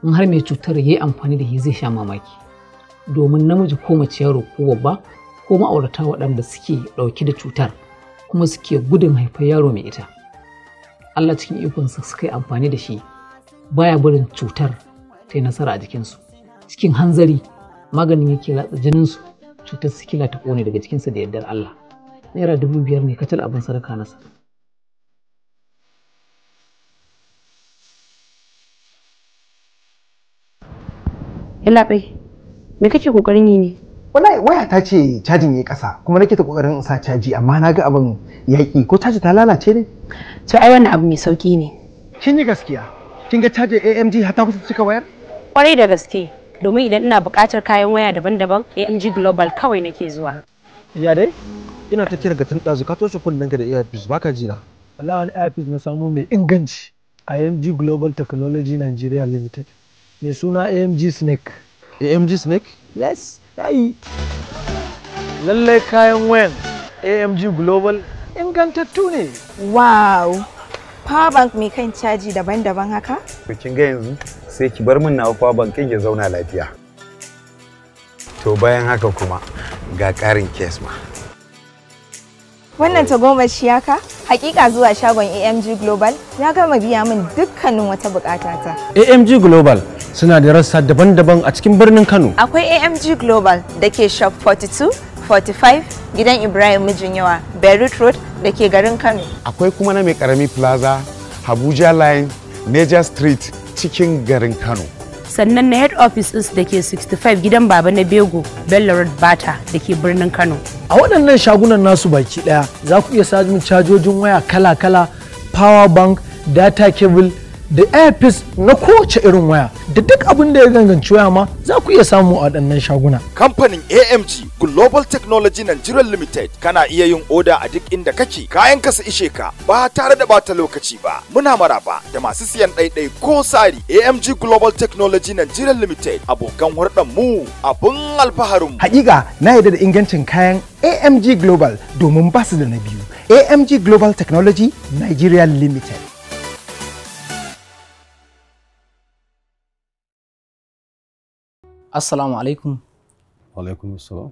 in har mai cutar ya yi amfani da shi zai sha mamaki domin namiji ko mace yaro ko babba ko ma'aurata waɗanda suke ɗauke da cutar kuma suke gudun haifar yaro mai ita Allah cikin ikonsa suka yi amfani da shi baya barin cutar ta yi nasara a jikinsu cikin hanzari maganin yake latsa jininsu cutar sikila ta kone daga jikinsa da yardar Allah naira dubu biyar ne kacal abin sadaka nasa bai, me kake kokarin yi ne? wallahi waya ta ce cajin ya kasa kuma nake ta kokarin in sa caji amma na ga abin yaki ko caji ta lalace ne to ai wannan abu mai sauki ne kin yi gaskiya kin ga cajin AMG har ta kusa cika wayar kwarai da gaske domin idan ina buƙatar kayan waya daban-daban AMG Global kawai nake zuwa ya dai ina ta kira ga tun dazu ka toshe kun ka da earpiece baka ji na wallahi wani earpiece na samu mai inganci AMG Global Technology Nigeria Limited mai suna AMG Snake AMG Snake yes yayi lallai kayan wayan amg global ingantattu ne wow power bank mai kan caji daban-daban haka kin ga yanzu sai ki bar min na power bank kin ya zauna lafiya to bayan haka kuma ga karin case ma wannan tagomashi haka hakika zuwa shagon amg global ya gama biya min dukkanin wata bukatata amg global suna da rassa daban-daban a cikin birnin Kano. Akwai AMG Global da ke shop 42, 45 gidan Ibrahim Mijinyawa, Beirut Road da ke garin Kano. Akwai kuma na mai karami Plaza, Habuja Line, Niger Street cikin garin Kano. Sannan na head office is da ke 65 gidan Baba na Bego, Bello Road Bata da ke birnin Kano. A waɗannan shagunan nasu baki ɗaya za ku iya sajin cajojin waya kala-kala, power bank, data cable, da airpiece na kowace irin waya da duk abin da ya ganganci waya ma za ku iya samu a waɗannan shaguna. Kamfanin AMG Global Technology Nigeria Limited kana iya yin oda a duk inda kake kayan kasa ishe ka ba tare da bata lokaci ba. Muna maraba da masu siyan ɗaiɗai ko sari AMG Global Technology Nigeria Limited abokan hurɗar mu abun alfaharin. Hakika na yadda da ingancin kayan AMG Global domin basu da na biyu. AMG Global Technology Nigeria Limited. Assalamu alaikum. Alaikum assalam.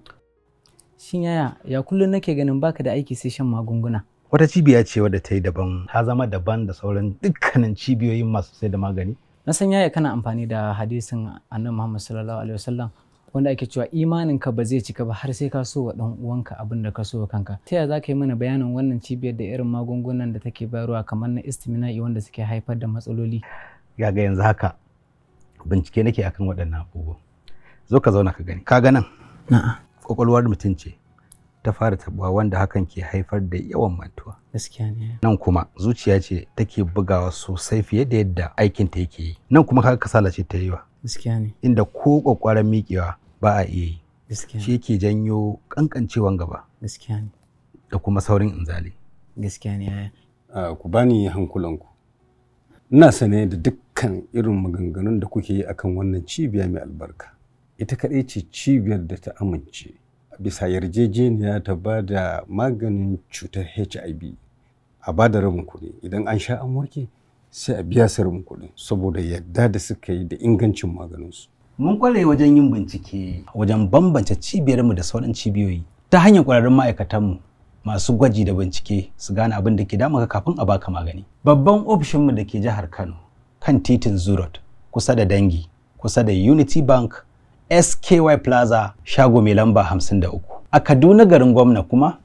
Shin yaya ya kullum nake ganin baka da aiki sai shan magunguna. Wata cibiya ce wadda ta yi daban, ta zama daban da sauran dukkanin cibiyoyin masu sai da magani. Na san yaya kana amfani da hadisin Annabi Muhammad sallallahu alaihi wasallam wanda ake cewa imaninka ba zai cika ba har sai ka so wa dan uwanka abin da ka so wa kanka. Ta yaya za ka yi mana bayanin wannan cibiyar da irin magungunan da take bayarwa kamar na istimina'i wanda suke haifar da matsaloli? Ga yanzu haka bincike nake akan waɗannan abubuwan. zo ka zauna ka gani ka ga nan kwakwalwar mutum ce ta fara tabuwa wanda hakan ke haifar da yawan mantuwa gaskiya nan kuma zuciya ce take bugawa sosai fiye da yadda aikin ta yake yi nan kuma kaga kasala ce ta yi gaskiya inda ko kwakwaran miƙewa ba a iya yi shi yake janyo kankancewan gaba gaskiya da kuma saurin inzali gaskiya ku bani hankulanku ina sane da dukkan irin maganganun da kuke yi akan wannan cibiya mai albarka ita kaɗai ce cibiyar da ta amince bisa yarjejeniya ta ba da maganin cutar hiv a ba da rabin kuɗi idan an sha an warke sai a biya su rabin kuɗi saboda yadda da suka yi da ingancin maganinsu mun kware wajen yin bincike wajen bambance cibiyarmu da sauran cibiyoyi ta hanyar ƙwararrun ma'aikatanmu masu gwaji da bincike su gane abin da ke damaka kafin a baka magani babban ofishinmu da ke jihar kano kan titin zurot kusa da dangi kusa da unity bank SKY Plaza shago mai lamba 53. A Kaduna garin gwamna kuma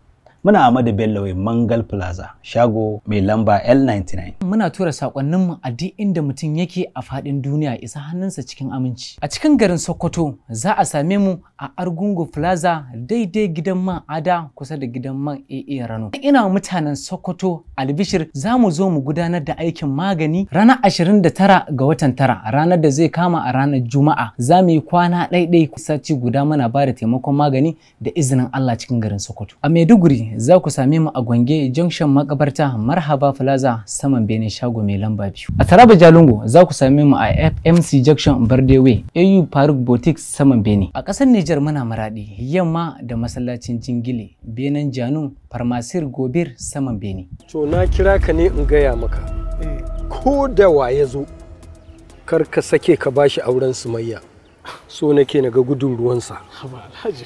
Muna Amadu Bello Mangal Plaza, shago mai lamba L99. Muna tura mu a duk inda mutum yake a faɗin duniya isa hannunsa cikin aminci. A cikin garin Sokoto za a same mu a Argungu Plaza daidai gidan man Ada kusa da gidan man AA Rano. Ina mutanen Sokoto Albishir za mu zo mu gudanar da aikin magani ranar 29 ga watan tara ranar da zai kama a ranar Juma'a. Za mu yi kwana ɗaiɗai ci guda muna ba da taimakon magani da izinin Allah cikin garin Sokoto. A Maiduguri za ku same mu a Gwange Junction Makabarta Marhaba Plaza saman bene Shago mai lamba biyu. A Taraba Jalingo za ku same mu a FMC Junction Bardewe AU Faruk Boutique saman bene A ƙasar niger muna maraɗi yamma da masallacin Jingile Benin Janu Farmasir Gobir saman bene. To na kira ka ne in gaya maka. Eh. Ko da wa ya zo kar ka sake ka bashi auren sumayya. So nake na ga gudun ruwansa. Haba Alhaji.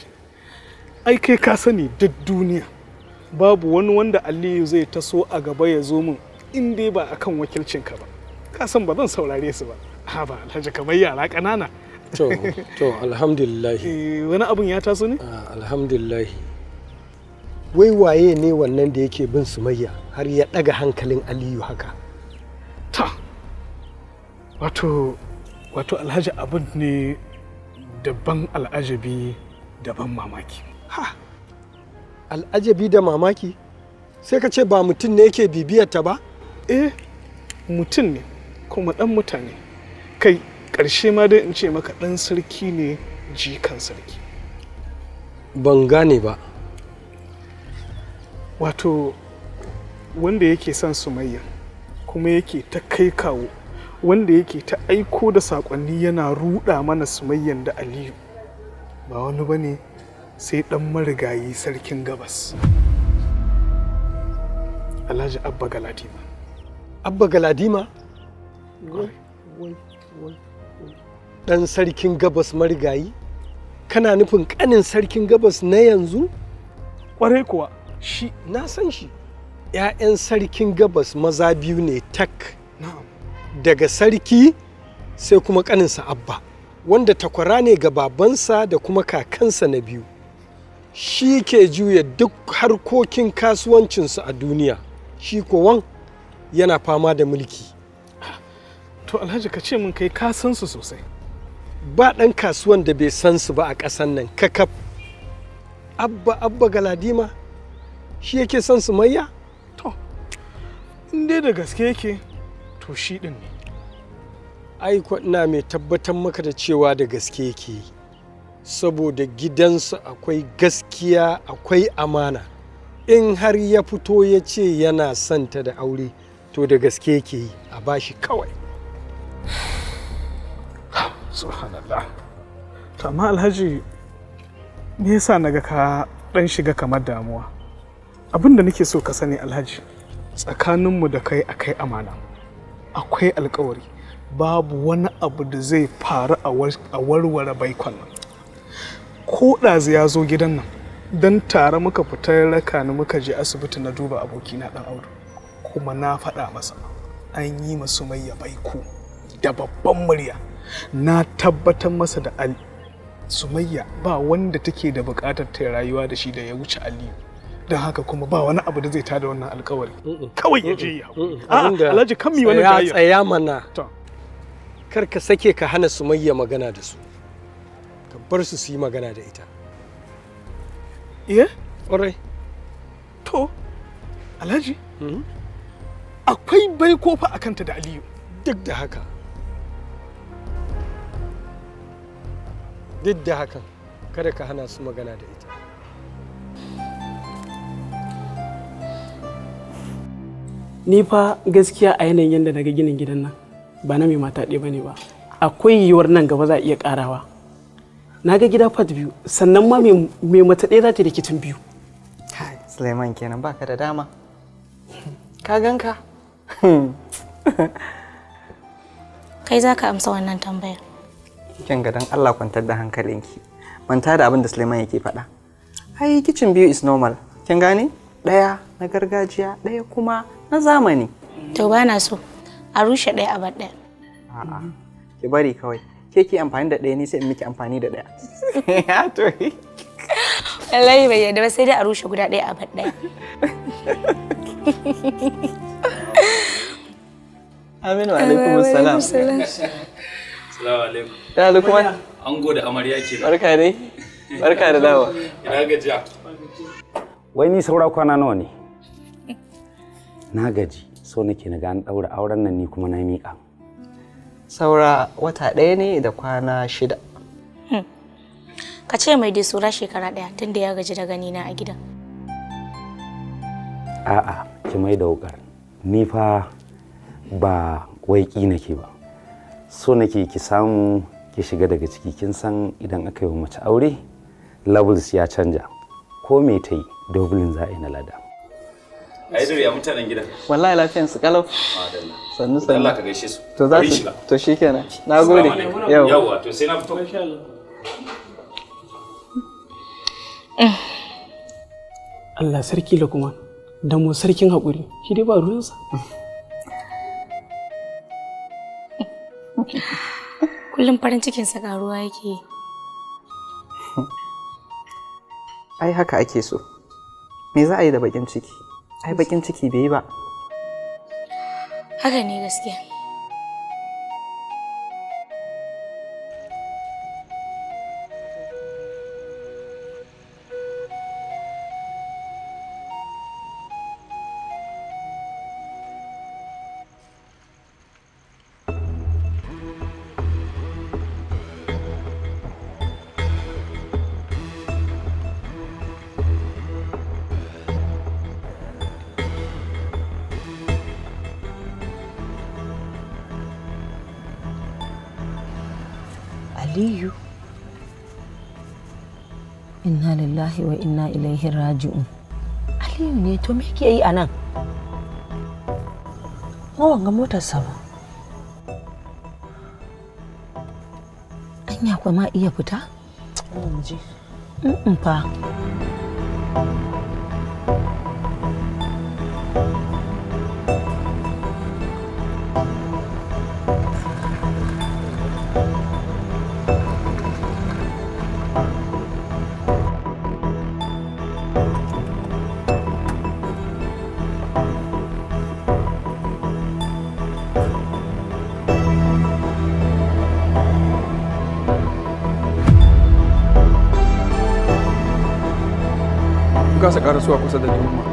ai kai ka sani duk duniya babu wani wanda aliyu zai taso a gaba ya zo min in dai ba akan wakilcinka ba ka san ba zan saurare su ba ha ba alhaji kamar yara ƙanana to to alhamdulillah eh, wani abun ya taso ne ah, alhamdulillah wai waye ne wannan da yake bin sumayya har ya ɗaga hankalin aliyu haka ta wato wato alhaji abin ne daban al'ajabi daban mamaki ha al'ajabi da mamaki sai ka ce ba mutum ne yake bibiyar ta ba eh mutum ne kuma dan mutane kai ƙarshe ma dai in ce maka dan sarki ne jikan sarki ban gane ba wato wanda yake son sumayya kuma yake ta kai kawo wanda yake ta aiko da saƙonni yana ruɗa mana sumayyan da aliyu ba wani bane ne sai ɗan marigayi sarkin gabas alhaji abba galadima abba galadima ɗan sarkin gabas marigayi kana nufin ƙanin sarkin gabas na yanzu ƙwarai kuwa shi na san shi ‘ya'yan sarkin gabas maza biyu ne tak daga sarki sai kuma ƙaninsa abba wanda takwara ne ga babansa da kuma kakansa na biyu shi ke juya duk harkokin kasuwancinsu a duniya shi kowan yana fama da mulki to alhaji ka ce min kai ka sosai ba ɗan kasuwan da bai san su ba a ƙasan nan kakaf abba abba galadima shi yake san su mayya to in dai da gaske yake to shi ɗin ne ai ina mai tabbatar maka da cewa da gaske yake yi saboda gidansu akwai gaskiya akwai amana in har ya fito ya ce yana santa da aure to da gaske yake yi a bashi kawai to amma alhaji me yasa naga ka dan shiga kamar damuwa abinda nake so ka sani alhaji tsakaninmu da kai akai amana akwai alkawari babu wani abu da zai faru a warware baikon nan ko ɗazu ya zo gidan nan don tare muka fita raka ni muka je asibiti na duba abokina ɗan audu kuma na faɗa masa an yi masu mai baiko da babban murya na tabbatar masa da ali sumayya ba wanda take da buƙatar ta rayuwa da shi da ya wuce aliyu don haka kuma ba wani abu da zai tada wannan alkawari kawai ya je ya ah, alhaji kan mi wani tsaya mana kar ka sake ka hana sumayya magana da su ka bar su su yi magana da ita iya eh? ƙwarai to alhaji hmm? akwai bai kofa a kanta da aliyu duk da haka duk da haka kada ka hana su magana da ita ni fa gaskiya a yanayin yadda daga ginin gidan nan ba na mai mata ɗaya ba ne ba akwai yiwuwar nan gaba za a iya ƙarawa na ga gida fat biyu sannan ma mai mata ɗaya za ta da kitin biyu suleiman kenan baka da dama ka ganka kai za ka amsa wannan tambayar kin ga dan allah kwantar da hankalinki manta da abin da suleiman yake faɗa ai kicin biyu is normal kin gane ɗaya na gargajiya ɗaya kuma na zamani to ba na so a rushe ɗaya a bar ɗaya a'a ki bari kawai ke ke amfani da ɗaya ni sai in miki amfani da ɗaya ya to wallahi bai yadda ba sai dai a rushe guda ɗaya a bar ɗaya aminu alaikum salam. assalamu alaikum ya alaikum. an gode amarya ke barka dai barka da dawa ina gajiya wai ni saura kwana nawa ne na gaji so nake na ga an daura auren nan ni kuma na miƙa saura wata ɗaya ne da kwana shida hmm. ka ce mai dai shekara ɗaya tun da ya gaji da na a gidan a'a ki mai da wukar ni fa ba waiki nake ba so nake ki samu ki shiga daga ciki kin san idan aka yi wa mace aure levels ya canja ko me ta yi dublin za a yi na lada a yi ya mutanen gidan wallahi lafiyan su kalau sannu sannu Allah ka gaishe su to za su to shikenan nagode yau yawa to sai na fito insha Allah Allah sarki kuma da mu sarkin haƙuri shi dai ba ruwan sa. kullum farin cikinsa karuwa yake ai haka ake so me za a yi da bakin ciki ai bakin ciki bai yi ba haka ne gaskiya lillahi raji'u aliyu ne to me yake yi a nan kuma ga motarsa ba anya kuma iya fita? Mm fa. A kusa da juma'a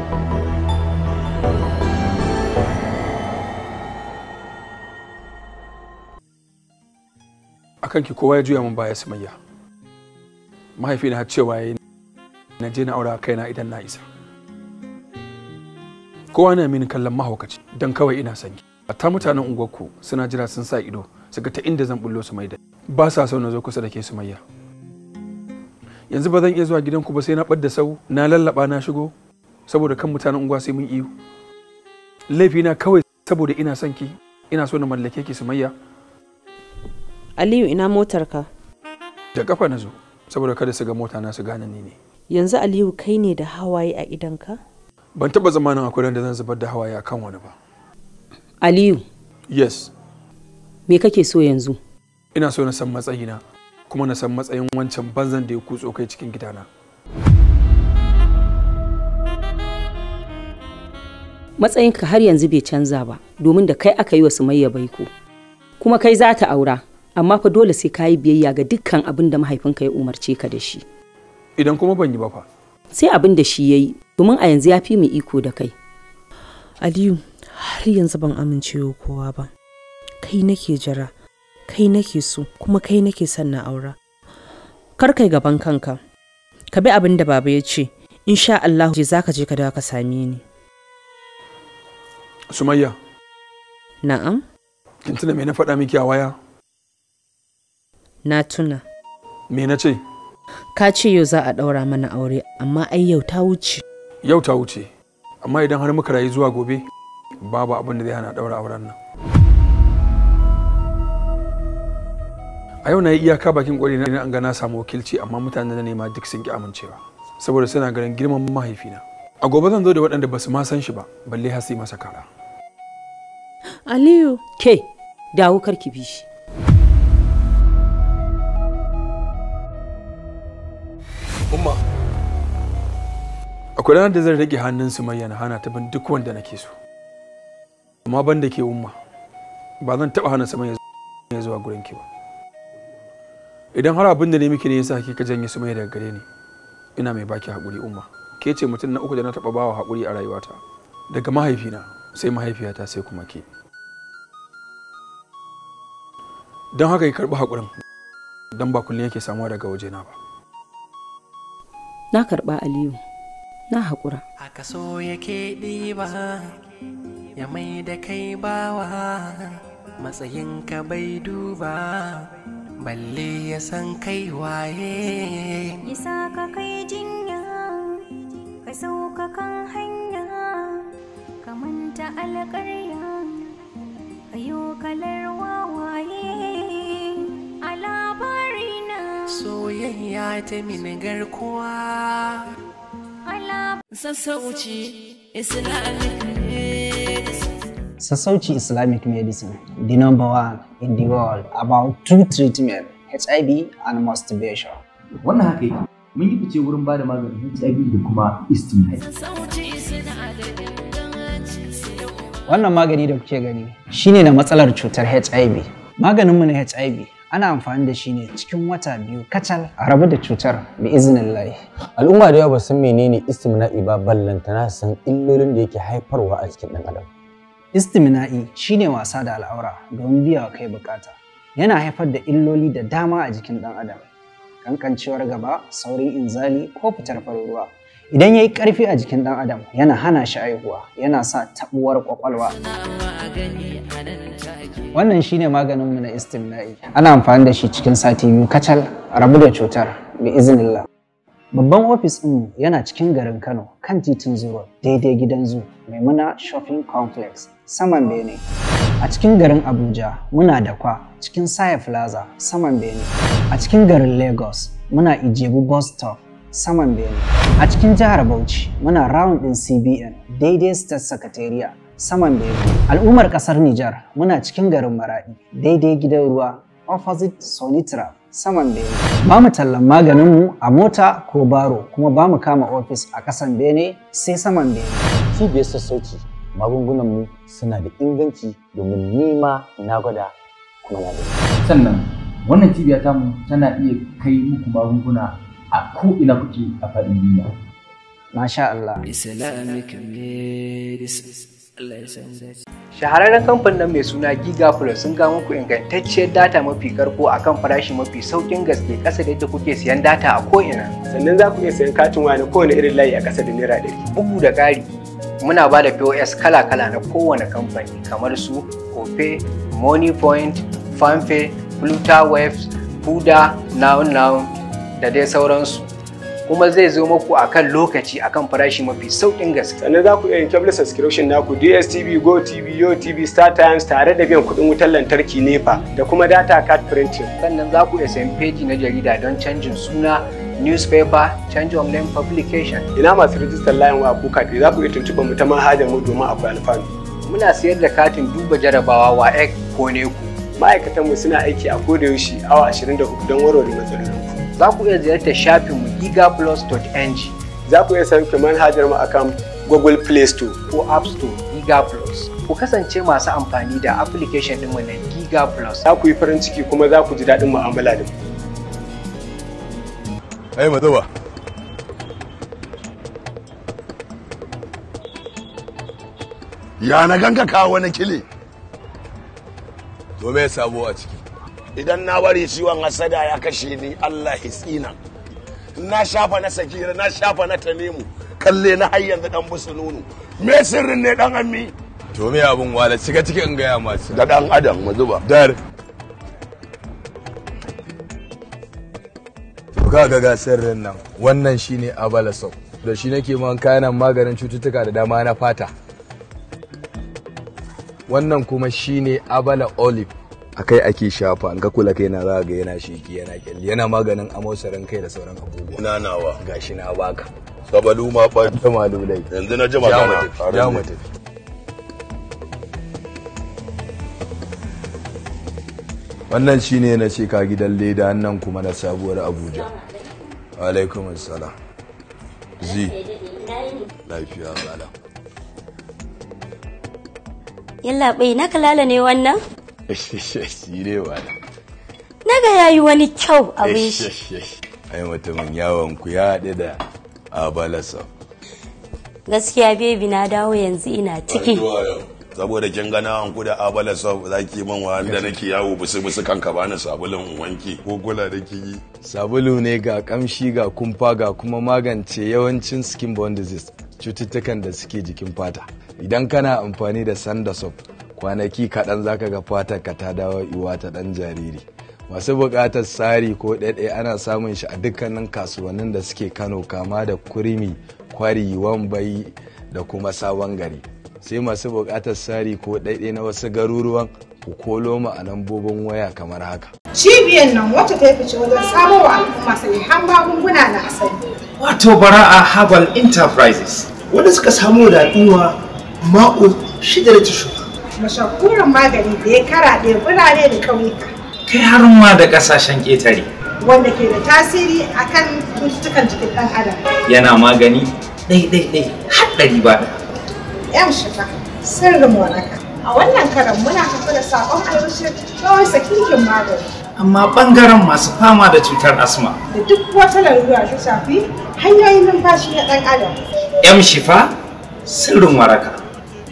kanki kowa ya juya mun baya sumayya mahaifi na cewa ya yi na je na aura kaina idan na isa kowa na mini kallon mahaukaci don kawai ina sanki. a mutanen unguwarku suna jira sun sa ido suka ta inda zan bullo su mai da ba sa so na zo kusa da ke sumayya yanzu ba zan iya zuwa gidanku ba sai na ɓadda sau na lallaba na shigo saboda kan mutanen unguwa sai mun iyo laifina kawai saboda ina son ki ina so na mallake ki sumayya aliyu ina motarka da kafa na zo saboda kada su ga mota na su gane ni ne yanzu aliyu kai ne da hawaye a ka? ban taba zamanin akwai da zan zubar da hawaye akan wani ba aliyu yes me kake so yanzu ina so na san matsayina kuma na san matsayin wancan banzan da ya kutso kai cikin gidana matsayinka har yanzu bai canza ba domin da kai aka yi wa sumayya baiko kuma kai za ta aura amma fa dole sai ka yi biyayya ga dukkan abin da mahaifinka ya umarce ka da shi idan kuma ban yi ba fa sai abin da shi ya yi domin a yanzu ya fi mu iko da kai aliyu har yanzu ban amincewa kowa ba kai nake jira kai nake so kuma kai nake son na aura kar kai gaban kanka ka bi abin da baba ya ce sha Allah je zaka je ka dawo ka same ni Sumayya Na'am Kin tuna me na faɗa miki a waya Na tuna Me na ce Ka ce yau za a ɗaura mana aure amma ai yau ta wuce Yau ta wuce amma idan har muka rayu zuwa gobe babu abin da zai hana ɗaura auren nan a yau na yi iyaka bakin kwari na an ga na samu wakilci amma mutanen da nema duk sun ki amincewa saboda suna ganin girman mahaifina a gobe zan zo da waɗanda ba su ma san shi ba balle har su masa kara aliyu ke dawo karki bi shi umma akwai ranar da zan rage hannun su mai yana hana ta bin duk wanda nake so amma ban da ke umma ba zan taɓa hana su mai zuwa gurin ki ba idan har abin da ne muke ne yasa kika janye su mai daga gare ni ina mai baki haƙuri umma ke ce mutum na uku da na taba bawa haƙuri a rayuwata daga mahaifina sai mahaifiyata sai kuma ke don haka ki karɓi haƙurin don ba kullum yake samuwa daga wajena ba na karɓa aliyu na haƙura a kaso yake ɗiba ya mai da kai bawa matsayinka bai duba balle ya san kai waye Ya sa ka kai jinya ka sauka kan hanya ka manta alƙarya ka kalar wawaye a labari labarina soyayya ta min garkuwa sassauci islamic Sassauci Islamic medicine, the number one in the world about true treatment, HIV and masturbation. Wannan haka yi mun yi fice wurin ba da maganin HIV da kuma istimai. Wannan magani da kuke gani shine na matsalar cutar HIV. Maganinmu na HIV ana amfani da shi ne cikin wata biyu kacal a rabu da cutar bi izinin layi. Al'umma da yawa ba san menene istimna'i ba ballantana san illolin da yake haifarwa a cikin ɗan adam. Istimina'i shine wasa da al'aura don biya wa kai bukata. Yana haifar da illoli da dama a jikin ɗan adam. Kankancewar gaba, saurin inzali ko fitar farin Idan ya yi ƙarfi a jikin ɗan adam yana hana shi aihuwa, yana sa taɓuwar ƙwaƙwalwa. Wannan shine maganinmu na istimna'i. Ana amfani da shi cikin sati biyu kacal rabu da cutar bi iznillah. Babban ofis ɗin yana cikin garin Kano kan titin Zuro daidai gidan zu Maimuna Shopping Complex saman Bene. A cikin garin Abuja muna da kwa cikin Saya Plaza saman Bene. A cikin garin Lagos muna Ijebu Bus Stop saman Bene. A cikin jihar Bauchi muna round ɗin CBN daidai State Secretariat saman Bene. Al'ummar ƙasar Nijar muna cikin garin Maradi daidai gidan ruwa opposite Sonitra saman bene. Ba mu tallan maganinmu a mota ko baro kuma ba mu kama ofis a kasan bene sai saman bene. Cibiyar sassauci magungunanmu suna da inganci domin nima na gwada kuma na da. Sannan wannan cibiya tamu tana iya kai muku magunguna a ko ina kuke a faɗin duniya. Masha Allah. shahararren kamfanin nan mai suna Giga plus sun ga muku ingantacciyar data mafi karko a kan farashi mafi saukin gaske ƙasa da yadda kuke siyan data a ko'ina sannan za ku iya siyan katin wani kowane irin layi a ƙasa da naira ɗari bugu da ƙari muna ba da pos kala-kala na kowane kamfani kamar su Money Point, fanfe bluta waves huda now now da dai sauransu kuma zai zo muku akan lokaci akan farashi mafi sauƙin gaske. Sannan za ku iya yin cable subscription naku DSTV, GoTV, YoTV, Star Times tare da biyan kuɗin wutar lantarki NEPA da kuma data card printing. Sannan za ku iya sayan peji na jarida don canjin suna newspaper, change of name publication. Ina masu rijistar layin wa ko kaɗi za ku iya tuntuɓa mu ta manhajar mu domin akwai alfanu. Muna sayar da katin duba jarabawa wa ek ko neku. Ma'aikatanmu suna aiki a kodayaushe awa 24 don warware matsalolin. za ku iya ziyartar shafinmu gigaplus.ng za ku iya sauke manhajar mu akan Google Play Store ko App Store Giga Ku kasance masu amfani da application ɗinmu na Giga Za ku yi farin ciki kuma za ku ji daɗin mu'amala da mu. Ai Ya na ganka kawo wani kile. To me sabo a ciki? idan na bari ciwon hasada ya kashe ni Allah hitsina na shafa na sakira na shafa na tamimu kalle na har yanzu dan busu nono me sirrin ne dan ammi to me abun wala shiga ciki in gaya masu da dan adam mu zuba dar ga ga ga sirrin nan wannan shine abalaso da shi nake man kayanan maganin cututtuka da dama na fata wannan kuma shine abala olive akai ake shafa ga kula kai na za ga yana shiki yana kyalli yana maganin amosarin kai da sauran abubuwa ina nawa gashi na baka sabalu ma ba ta malulai yanzu na jima kana ja wannan shine na ce ka gidan leda nan kuma na sabuwar abuja alaikum salam zi lafiya bala yalla bai na kalala ne wannan shi ne wala naga yayi wani kyau abin shi ai mutumin yawon ku ya haɗe da abalasa gaskiya bebi na dawo yanzu ina ciki saboda kin gana an ku da abala sof za ki man wanda nake yawo busu busu kanka bani sabulun wanki ko kula da ki sabulu ne ga kamshi ga kumfa ga kuma magance yawancin skin bone disease cututtukan da suke jikin fata idan kana amfani da sanda soap kwanaki kaɗan zaka ga fatar ka ta dawo iwa ta ɗan jariri masu buƙatar tsari ko ɗaiɗai ana samun shi a dukkanin kasuwannin da suke kano kama da kurmi kwari wambai da kuma sabon gari sai masu buƙatar tsari ko ɗaiɗai na wasu garuruwan ku kolo a bobon waya kamar haka cibiyar nan wacce ta fice wajen samarwa al'umma sahihan magunguna na asali wato bara a habal enterprises wanda suka samu da al'umma ma'ul shida da ta shuka mashahurin magani da ya karaɗe birane da ƙauyuka. Kai harin ma da ƙasashen ƙetare. Wanda ke da tasiri akan cututtukan jikin ɗan adam. Yana magani ɗai-ɗai-ɗai har ɗari ba da. Yan shiga sirrin waraka. A wannan karan muna tafi da saƙon albishir kawai sakinkin magani. Amma ɓangaren masu fama da cutar asma. Da duk wata larura ta shafi hanyoyin numfashi na ɗan adam. Yan shifa sirrin waraka.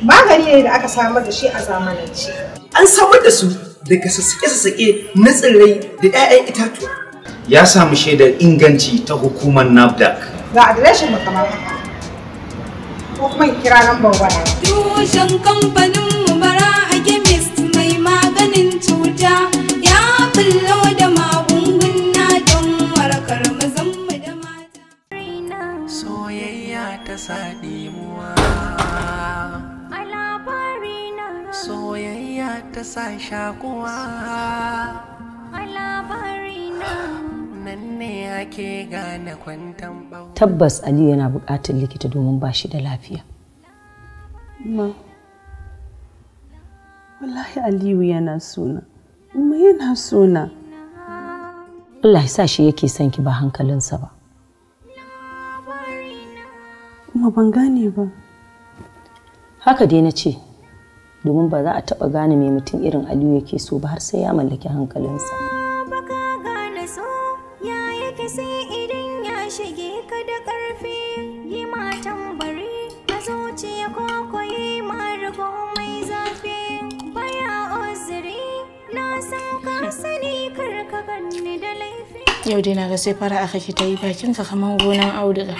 magani ne da aka samar da shi a zamanance an samar da su daga sassaƙe-sassaƙe na tsirrai da 'ya'yan itatuwa ya samu shaidar inganci ta hukumar nafdac ga adireshin mu kamar haka ko kuma kira nan waya tushen kamfanin mu bara shakuwa nan gane kwantan tabbas ali yana buƙatar likita domin ba shi da lafiya ma wallahi aliyu yana suna ma yana suna Allah sa shi yake son ki ba hankalinsa ba kuma ban gane ba haka dai na ce domin ba za a taɓa gane mai mutum irin aliyu yake so ba har sai ya mallaki hankalinsa yau dai na ga sai fara aka ki ta yi ka kamar gonan auduga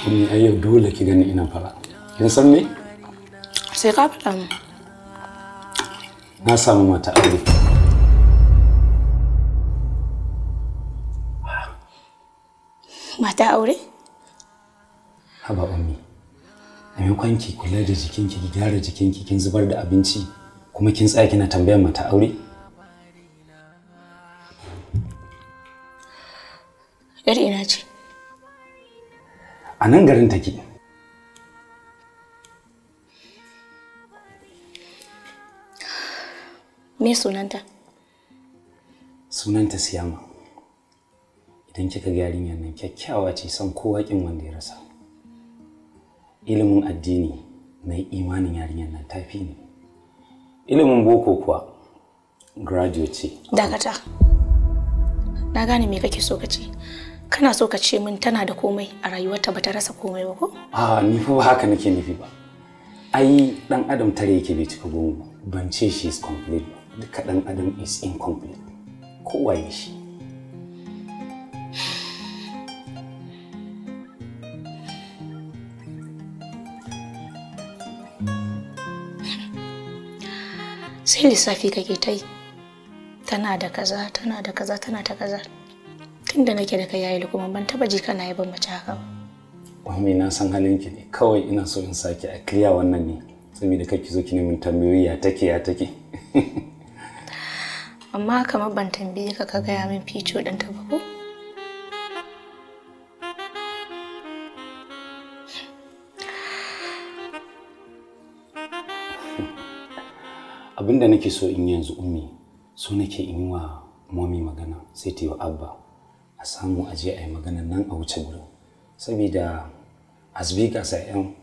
kuma ayyau dole ki gani ina fara kin san me sai ka faɗa mu na samu mata aure mata aure haba ummi a maimakon ki kula da jikinki ki gyara jikinki kin zubar da abinci kuma kin tsaya kina tambayar mata aure yar ina ce a nan garin take Me sunanta? Sunanta Siyama. Idan kika ga yarinyar nan kyakkyawa ce san kowa kin wanda ya rasa. Ilimin addini mai imanin yarinyar nan tafi ne. Ilimin boko kuwa graduate ce. Dakata. Na gane me kake so ka ce. Kana so ka ce min tana da komai a rayuwarta bata rasa komai ba ko? Ah, ni fa ba haka nake nufi ba. Ai dan adam tare yake bai cika gomo Ban ce shi is complete duka ɗan adam is incomplete waye shi sai lissafi kake ta yi tana da kaza tana da kaza tana ta kaza tunda nake da kai yayi kuma ban taba ji kana yaban mace haka ba wai na san halin ki ne kawai ina so in saki a clear wannan ne saboda kake zo ki neman tambayoyi ya take ya take amma kamar ban tambaye ka ka gaya min fico ɗinta ba ko? abinda nake so in yanzu ummi so nake in wa momi magana sai ta yi wa abba a samu aje a yi magana nan a wuce gurin saboda asbika yan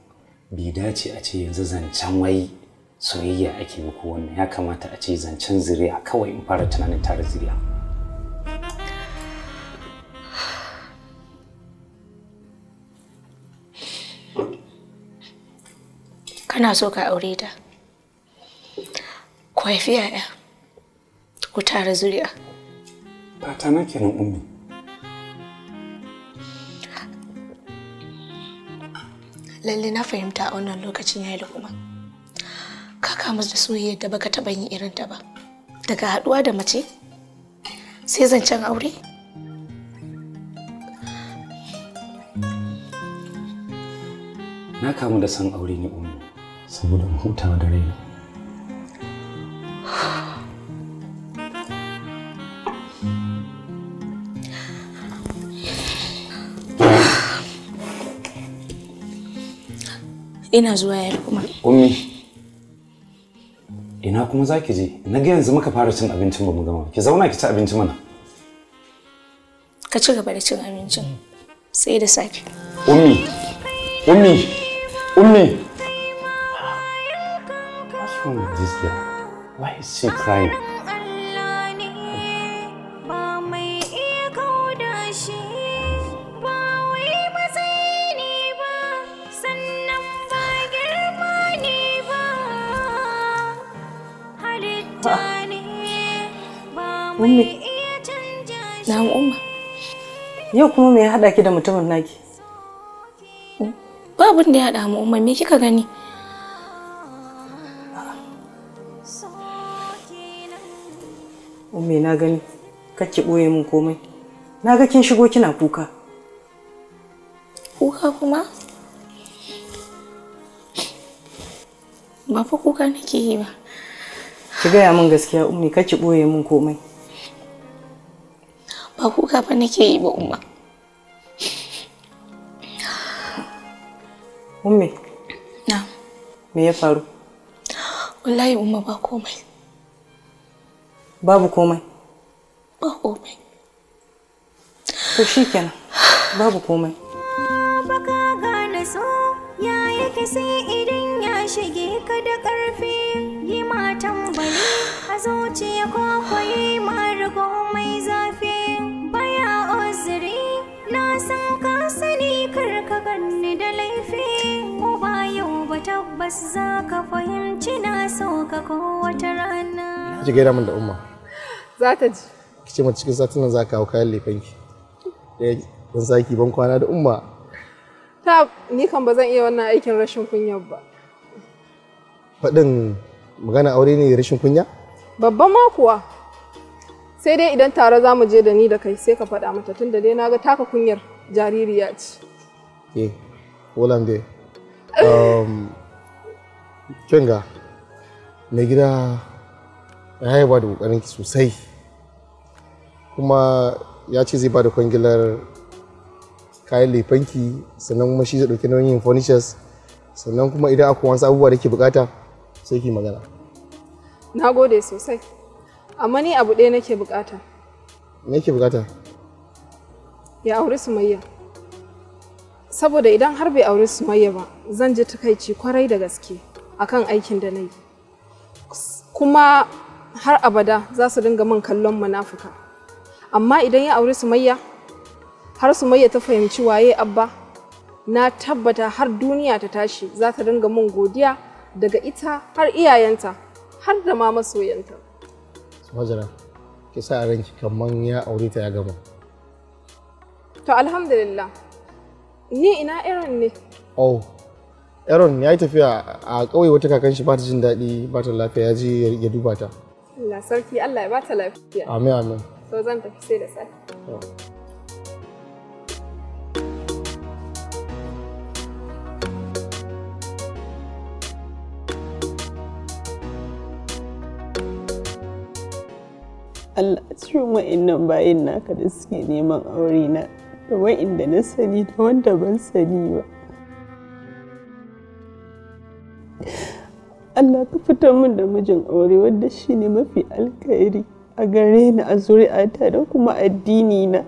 bi dace a ce yanzu zancen wai soyayya ake muku wannan ya kamata a ce zancen zuriya kawai in fara tunanin tare zuriya kana so ka aure ta ku haifi yaya ku tare zuriya fata na kenan ummi lalle na fahimta a wannan lokacin yayi da kuma ka kamu da soyayyar da baka taɓa yin irin ta ba daga haɗuwa da mace sai zancen aure na kamu da san aure ne umu saboda huta da rai ina zuwa yar kuma ummi ina kuma za ki je na ga yanzu muka fara cin abincin mu gama ki zauna ki ci abinci mana ka ci gaba da cin abincin sai da safe ummi ummi ummi what's wrong with this girl why is she crying Ummi. Na'am Umma. Yau kuma me ya haɗa ki da mutumin naki? Ba abin da ya haɗa mu Umma me kika gani? Ummi na gani kake ɓoye min komai. Na ga kin shigo kina kuka. Kuka kuma? Ba fa kuka nake yi ba. Ki gaya min gaskiya Ummi kake ɓoye min komai. ba kuka fa nake yi ba umma umme na me ya faru wallahi umma ba komai babu komai ba komai to shi shikenan babu komai baka gane so ya yake sai idan ya shige ka da karfi yi matan bari a zuciya kwakwai marigo mai zafi ni da laifi ko ba yau ba tabbas za ka fahimci na so ka ko wata rana ki gaira min da umma za ta ji ki ce mata cikin satunan za ka hau kayan laifanki ban saki ban kwana da umma ta ni kan ba zan iya wannan aikin rashin kunya ba faɗin magana aure ne rashin kunya babban ma kuwa sai dai idan tare za mu je da ni da kai sai ka faɗa mata tunda dai na ga taka kunyar jaririya ce ke holande kin na have gida ya yi to say. Kuma, sosai kuma ya ce zai ba da kwangilar kayan laifanki sannan kuma shi zai wants nauyin furnitures sannan kuma idan akwai wasu abubuwa da ke you sai A magana na gode sosai amma ni abu ɗaya nake bukata me ke bukata ya auri sumayya saboda idan har bai aure su sumayya ba zan ji takaici kwarai da gaske akan aikin da na yi kuma har abada za su dinga min kallon munafuka amma idan ya aure su sumayya har su sumayya ta fahimci waye abba na tabbata har duniya ta tashi za ta dinga min godiya daga ita har iyayenta har da ma masoyanta Majara, ki ranki kamar ya aure ta ya gama. To alhamdulillah, Ni ina Aaron ne. Oh, Aaron ya yi tafiya a ƙauye wata kakan shi ba ta jin daɗi ba ta lafiya ya je ya duba ta. Allah sarki Allah ya ba ta lafiya. Amin amin. To zan tafi sai da safe. Oh. Allah cikin wa'in nan bayin naka da suke neman aure na da wa'inda na sani da wanda ban sani ba Allah ka fito min da mijin aure wanda shi ne mafi alkairi a gare ni a zuri'ata da kuma addini na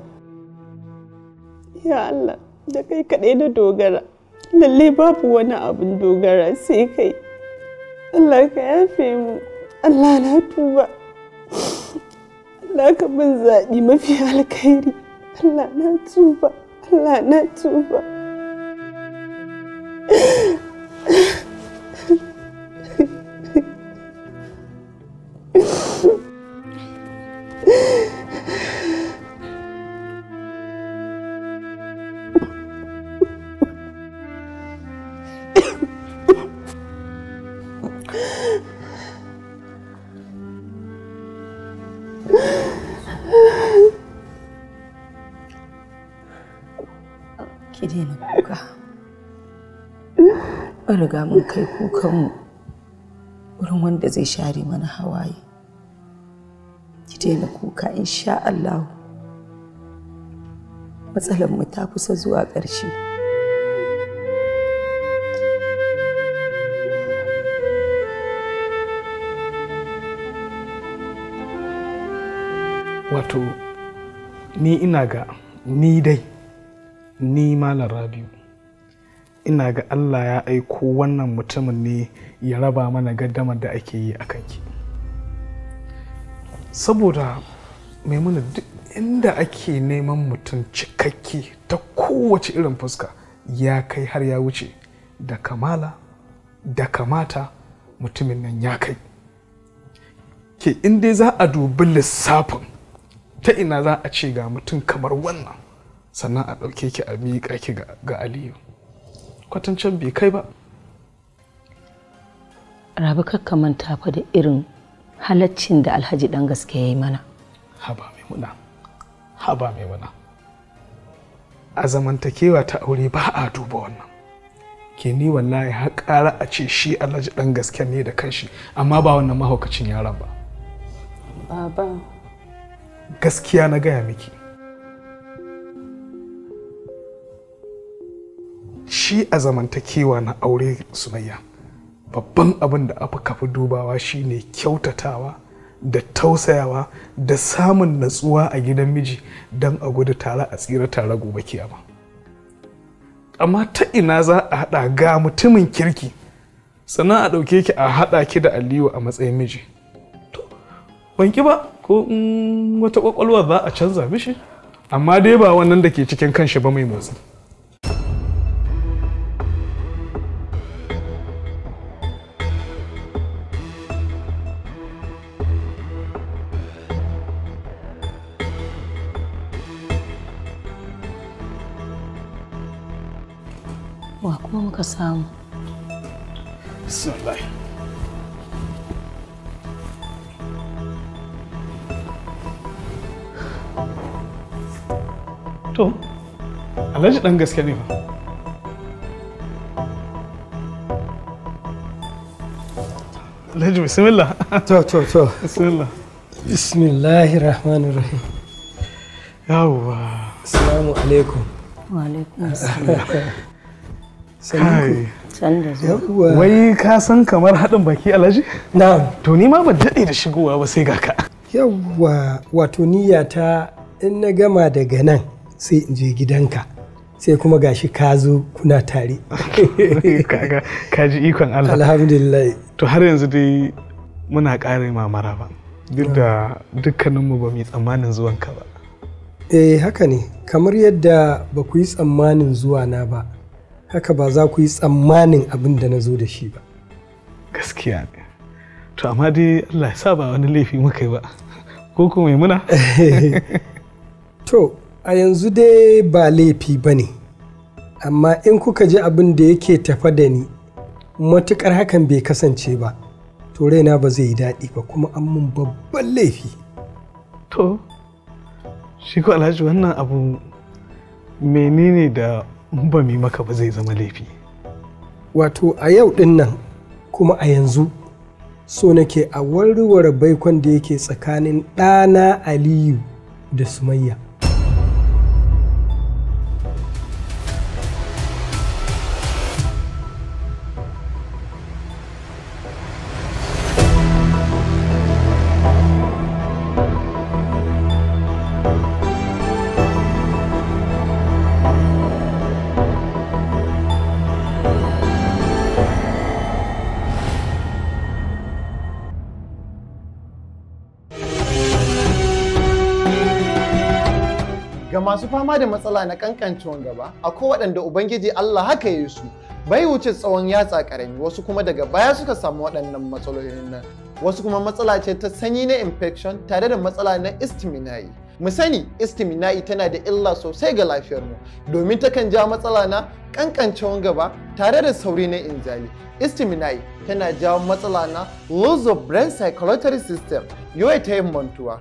ya Allah da kai kaɗai na dogara lallai babu wani abin dogara sai kai Allah ka yafe mu Allah na tuba Allah ka bin zaɗi mafi alkhairi Alana na alana Allah riga mun kai kukanmu wurin wanda zai share mana hawaye ki daina kuka insha Allah matsalar mu ta kusa zuwa ƙarshe wato ni ina ga ni dai ni malar rabiu ina ga Allah ya aiko wannan mutumin ne ya raba mana gaddamar da ake yi a kanki saboda maimuna duk inda ake neman mutum cikakke ta kowace irin fuska ya kai har ya wuce da kamala da kamata mutumin nan ya kai ke dai za a dubi lissafin ta ina za a ce ga mutum kamar wannan sannan a ɗauke ki a miƙa ki ga aliyu kwatancin bai kai ba rabi kakka manta fa da irin halaccin da alhaji dan gaske ya yi mana haba mai muna haba mai muna a zamantakewa ta aure ba a duba wannan ke ni wallahi har ƙara a ce shi alhaji dan gaske ne da kanshi amma ba wannan mahaukacin yaron ba baba gaskiya na gaya miki shi a zamantakewa na aure sumayya babban abin da aka kafi dubawa shine kyautatawa da tausayawa da samun natsuwa a gidan miji don a gudu tare a tsira tare gobe kiyama amma ta ina za a haɗa ga mutumin kirki sannan a ɗauke ki a haɗa ki da aliyu a matsayin miji to ban ki ba ko wata ƙwaƙwalwa za a canza mishi amma dai ba wannan da ke cikin kanshi ba mai motsi muka samu bismillah to alhaji dan gaske ne fa alhaji bismillah to to to bismillah bismillahir rahmanir rahim yawwa assalamu alaikum wa alaikum assalam wai ka san kamar haɗin baki alhaji? na to ni ma ban daɗe da shigowa ba sai ga ka yawwa wato niyya ta in na gama daga nan sai in je gidanka sai kuma gashi ka zo kuna tare kaga ka ji ikon Allah alhamdulillah to har yanzu dai muna ƙara mamara ba duk da dukkaninmu ba mu yi tsammanin zuwanka ba eh haka ne kamar yadda ba ku yi tsammanin zuwa na ba haka ba za ku yi tsammanin abin da na zo da shi ba gaskiya ne to amma dai Allah ya sa ba wani laifi muka yi ba ko kuma mai muna to a yanzu dai ba laifi ba ne amma in kuka ji abin da yake tafa da ni matukar hakan bai kasance ba to raina ba zai yi daɗi ba kuma an mun babban laifi to shi ko alhaji wannan abu menene da ba mai maka ba zai zama laifi wato a yau din nan kuma a yanzu so nake a warware baikon da yake tsakanin ɗana aliyu da sumayya da matsala na kankancewan gaba akwai waɗanda ubangiji Allah haka ya yi su bai wuce tsawon yatsa karami wasu kuma daga baya suka samu waɗannan matsalolin nan wasu kuma matsala ce ta sanyi na infection tare da matsala na istiminai mu sani istiminai tana da illa sosai ga lafiyarmu domin takan ja matsala na kankancewan gaba tare da sauri na inzali istiminai tana jawo matsala na loss of brain circulatory system ta yin mantuwa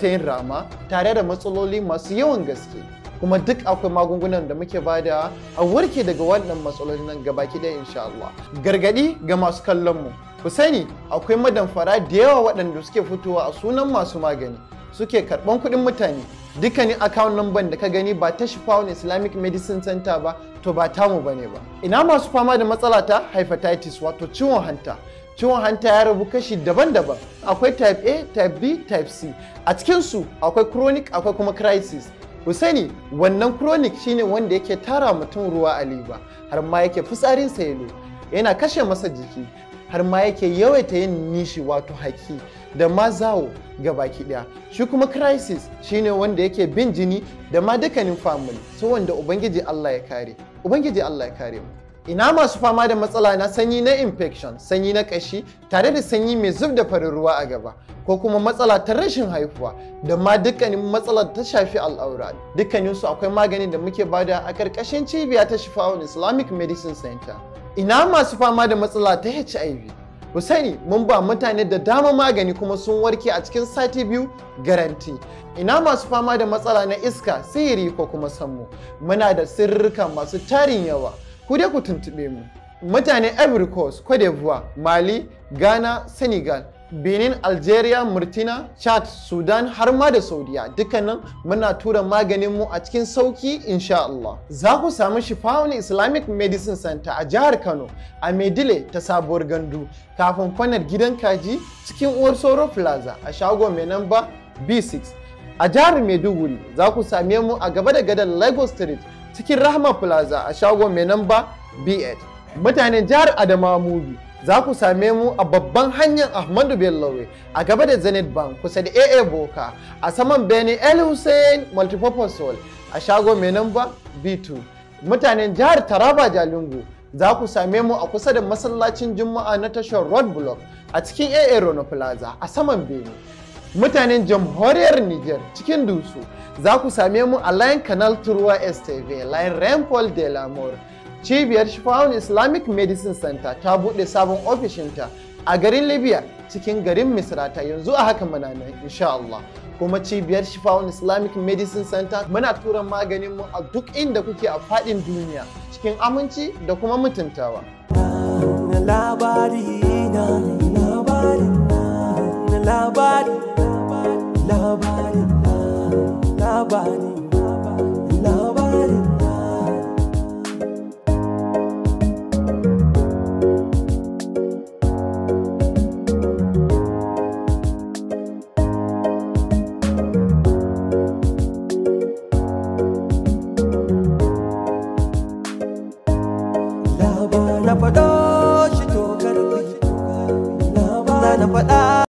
ta yin rama tare da matsaloli masu yawan gaske kuma duk akwai magungunan da muke bada a warke daga wannan matsalolin nan gabaki ɗaya insha Allah gargadi ga masu kallon mu ku sani akwai madamfara da yawa waɗanda suke fitowa a sunan masu magani suke karɓan kuɗin mutane Duka ni account number da ka gani ba ta Shifawun Islamic Medicine Center ba to ba tamu bane ba. Ina masu fama da matsala ta hepatitis wato ciwon hanta. Ciwon hanta ya rabu kashi daban-daban. Akwai type A, type B, type C. A cikin su akwai chronic akwai kuma crisis. ku sani wannan chronic shine wanda yake tara mutum ruwa a liba har ma yake fitsarinsa ya yana kashe masa jiki har ma yake yawaita yin nishi wato haki da ma zawo ga baki daya shi kuma crisis shine wanda yake bin jini da ma dukkanin family so wanda ubangiji Allah ya kare ubangiji Allah ya kare mu Ina masu fama da matsala na sanyi na infection, sanyi na kashi tare da sanyi mai zub da farin ruwa a gaba, ko kuma matsala ta rashin haihuwa, da ma dukkanin matsalar ta shafi al'aura. Dukkaninsu akwai maganin da muke bada a karkashin cibiya ta Shifa'un Islamic Medicine Center. Ina masu fama da matsala ta HIV. Ku sani mun ba mutane da dama magani kuma sun warke a cikin sati biyu garanti. Ina masu fama da matsala na iska, sihiri ko kuma sammu. Muna da sirrika masu tarin yawa. ku dai ku tuntuɓe mu mutane ivory coast cote d'ivoire mali ghana senegal benin algeria murtina chad sudan har ma da saudiya dukkanin muna tura maganin mu a cikin sauki insha Allah za ku samu shifawan islamic medicine center a jihar kano a medile ta sabuwar gandu kafin kwanar gidan kaji cikin uwar soro plaza a shago mai namba b6 a jihar maiduguri za ku same mu a gaba da gadon lagos street cikin Rahma Plaza a shagon mai namba B8. Mutanen jihar Adamawa Mubi za ku same mu a babban hanyar Ahmadu Bellowe a gaba da Zenith Bank kusa da AA Boka a saman Bene El Hussein Multipurpose a shagon mai namba B2. Mutanen jihar Taraba Jalingo za ku same mu a kusa da masallacin Juma'a na tashar Road Block a cikin AA Rono Plaza a saman Bene. Mutanen jamhuriyar Niger cikin Dusu za ku same mu a Line Canal Turwa STV, Line Rainfall de Mor" Cibiyar Shifa'un Islamic Medicine Center ta buɗe sabon ofishinta a garin Libya cikin garin Misrata yanzu a haka muna nan insha Allah. Kuma cibiyar Shifa'un Islamic Medicine Center muna turan maganin mu a duk inda kuke a faɗin duniya cikin aminci da kuma mutuntawa. labari labari labari labari labari labari Na faɗa shi to karfi, na faɗa